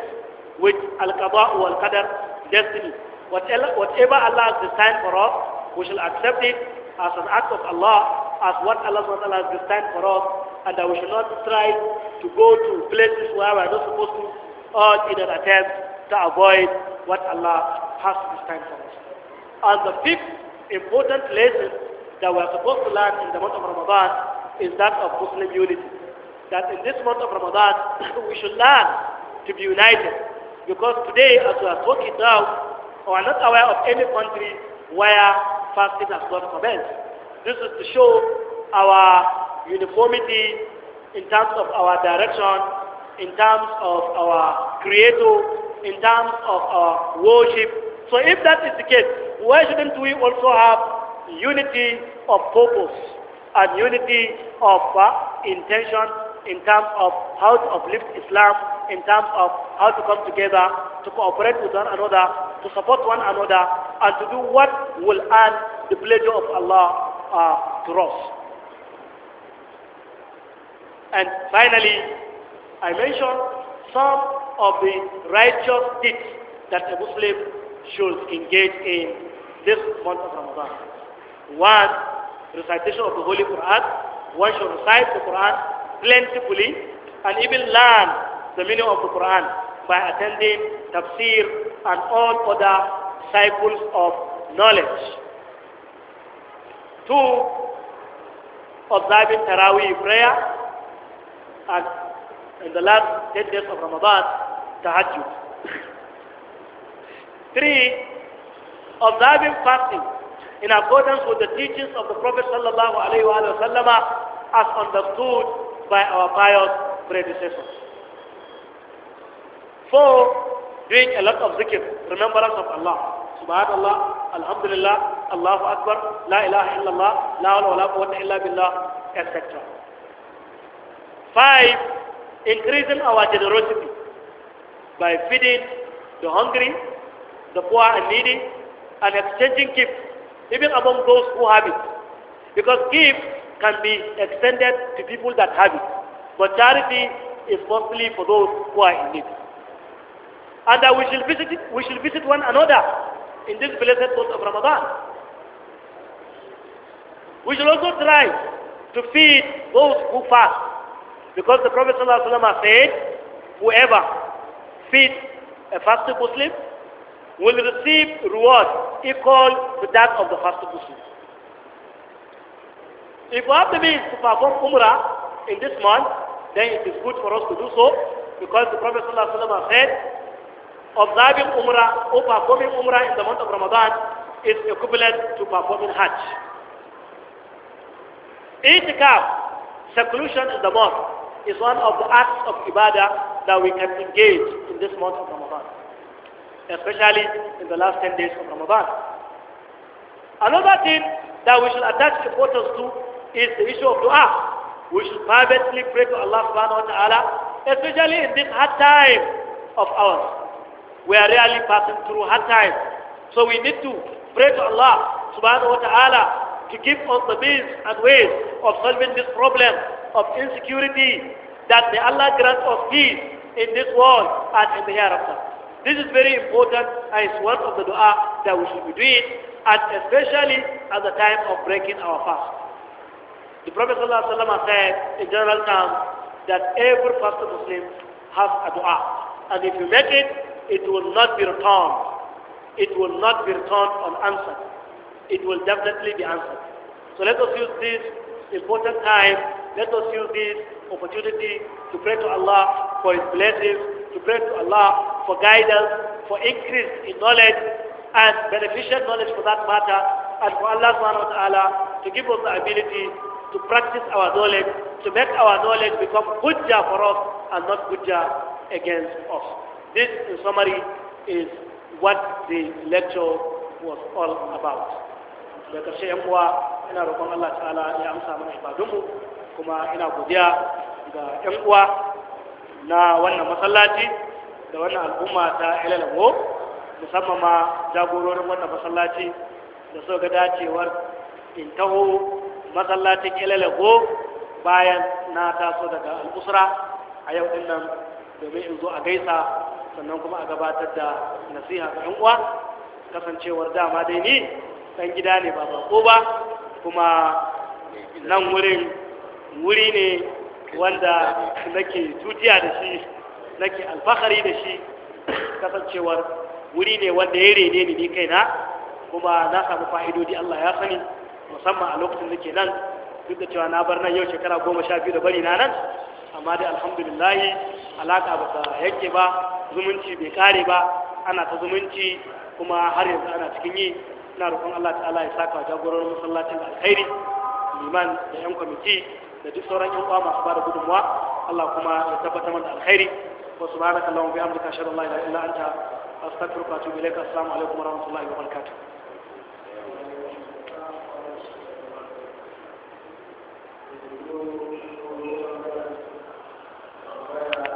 with Al-Qaba or Al-Qadr destiny. Whatever Allah has designed for us, we shall accept it as an act of Allah, as what Allah has designed for us and that we should not try to go to places where we are not supposed to, all in an attempt to avoid what Allah has destined for us. And the fifth important lesson that we are supposed to learn in the month of Ramadan is that of Muslim unity. That in this month of Ramadan, [COUGHS] we should learn to be united. Because today, as we are talking now, we are not aware of any country where fasting has not commenced. This is to show our uniformity in terms of our direction, in terms of our creator, in terms of our worship. So if that is the case, why shouldn't we also have unity of purpose and unity of uh, intention in terms of how to uplift Islam, in terms of how to come together, to cooperate with one another, to support one another, and to do what will add the pleasure of Allah uh, to us. And finally, I mentioned some of the righteous deeds that a Muslim should engage in this month of Ramadan. One, recitation of the Holy Quran. One should recite the Quran plentifully and even learn the meaning of the Quran by attending tafsir and all other cycles of knowledge. Two, observing Taraweeh prayer at, in the last ten days of Ramadan, tahajjud. Three, observing fasting in accordance with the teachings of the Prophet sallallahu alayhi wa sallam as understood by our pious predecessors. Four, doing a lot of zikr, remembrance of Allah. Subhanallah, Alhamdulillah, Allahu Akbar, La ilaha illallah, La hawla wa la quwwata illa billah, etc. Five, increasing our generosity by feeding the hungry, the poor and needy, and exchanging gifts, even among those who have it. Because gifts can be extended to people that have it. But charity is mostly for those who are in need. And that uh, we shall visit, we shall visit one another in this blessed month of Ramadan. We shall also try to feed those who fast because the Prophet ﷺ said, whoever feeds a fasting Muslim will receive reward equal to that of the fasting Muslim. If we have the means to perform Umrah in this month, then it is good for us to do so because the Prophet ﷺ said, observing Umrah or performing Umrah in the month of Ramadan is equivalent to performing Hajj. Itikaf, seclusion in the mosque, is one of the acts of ibadah that we can engage in this month of Ramadan, especially in the last 10 days of Ramadan. Another thing that we should attach importance to is the issue of dua. We should privately pray to Allah subhanahu wa ta'ala, especially in this hard time of ours. We are really passing through hard times. So we need to pray to Allah subhanahu wa ta'ala to give us the means and ways of solving this problem of insecurity, that may Allah grant us peace in this world and in the hereafter. This is very important and it's one of the dua that we should be doing, and especially at the time of breaking our fast. The Prophet ﷺ said in general terms that every fasting Muslim has a dua. And if you make it, it will not be returned. It will not be returned unanswered. It will definitely be answered. So let us use this important time let us use this opportunity to pray to Allah for His blessings, to pray to Allah for guidance, for increase in knowledge and beneficial knowledge for that matter, and for Allah subhanahu wa ta'ala to give us the ability to practice our knowledge, to make our knowledge become hujjah for us and not hujjah against us. This, in summary, is what the lecture was all about. Da uwa ina roƙon Allah ta'ala ya amsa mana ibadunmu kuma ina godiya ga 'yan uwa na wannan masallaci da wannan al'umma ta ilalamo musamman ma jagororin wannan masallaci da so ga dacewar in taho masallacin ilalago bayan na taso daga al'usra a yau din nan domin in zo a gaisa sannan kuma a gabatar da nasiha ga 'yan uwa kasancewar dama dai ni dan gida ne ba ko ba kuma nan wurin wuri ne wanda nake tutiya da shi nake alfahari da shi kasancewar wuri ne wanda ya rene ni ni kaina kuma na samu fa'idodi Allah ya sani musamman a lokacin da ke nan duk da cewa na bar nan yau shekara goma sha biyu da bari na nan amma dai alhamdulillahi alaka ba ta yake ba zumunci bai kare ba ana ta zumunci kuma har yanzu ana cikin yi ina roƙon Allah ta'ala ya saka jagoran masallacin alkhairi liman da yan kwamiti da duk sauran yan uwa masu bada gudunmawa Allah kuma ya tabbatar mana alkhairi wa subhanaka allahumma bi amrika ashhadu an la ilaha illa anta astaghfiruka wa atubu ilaika assalamu alaikum wa rahmatullahi wa barakatuh Thank you.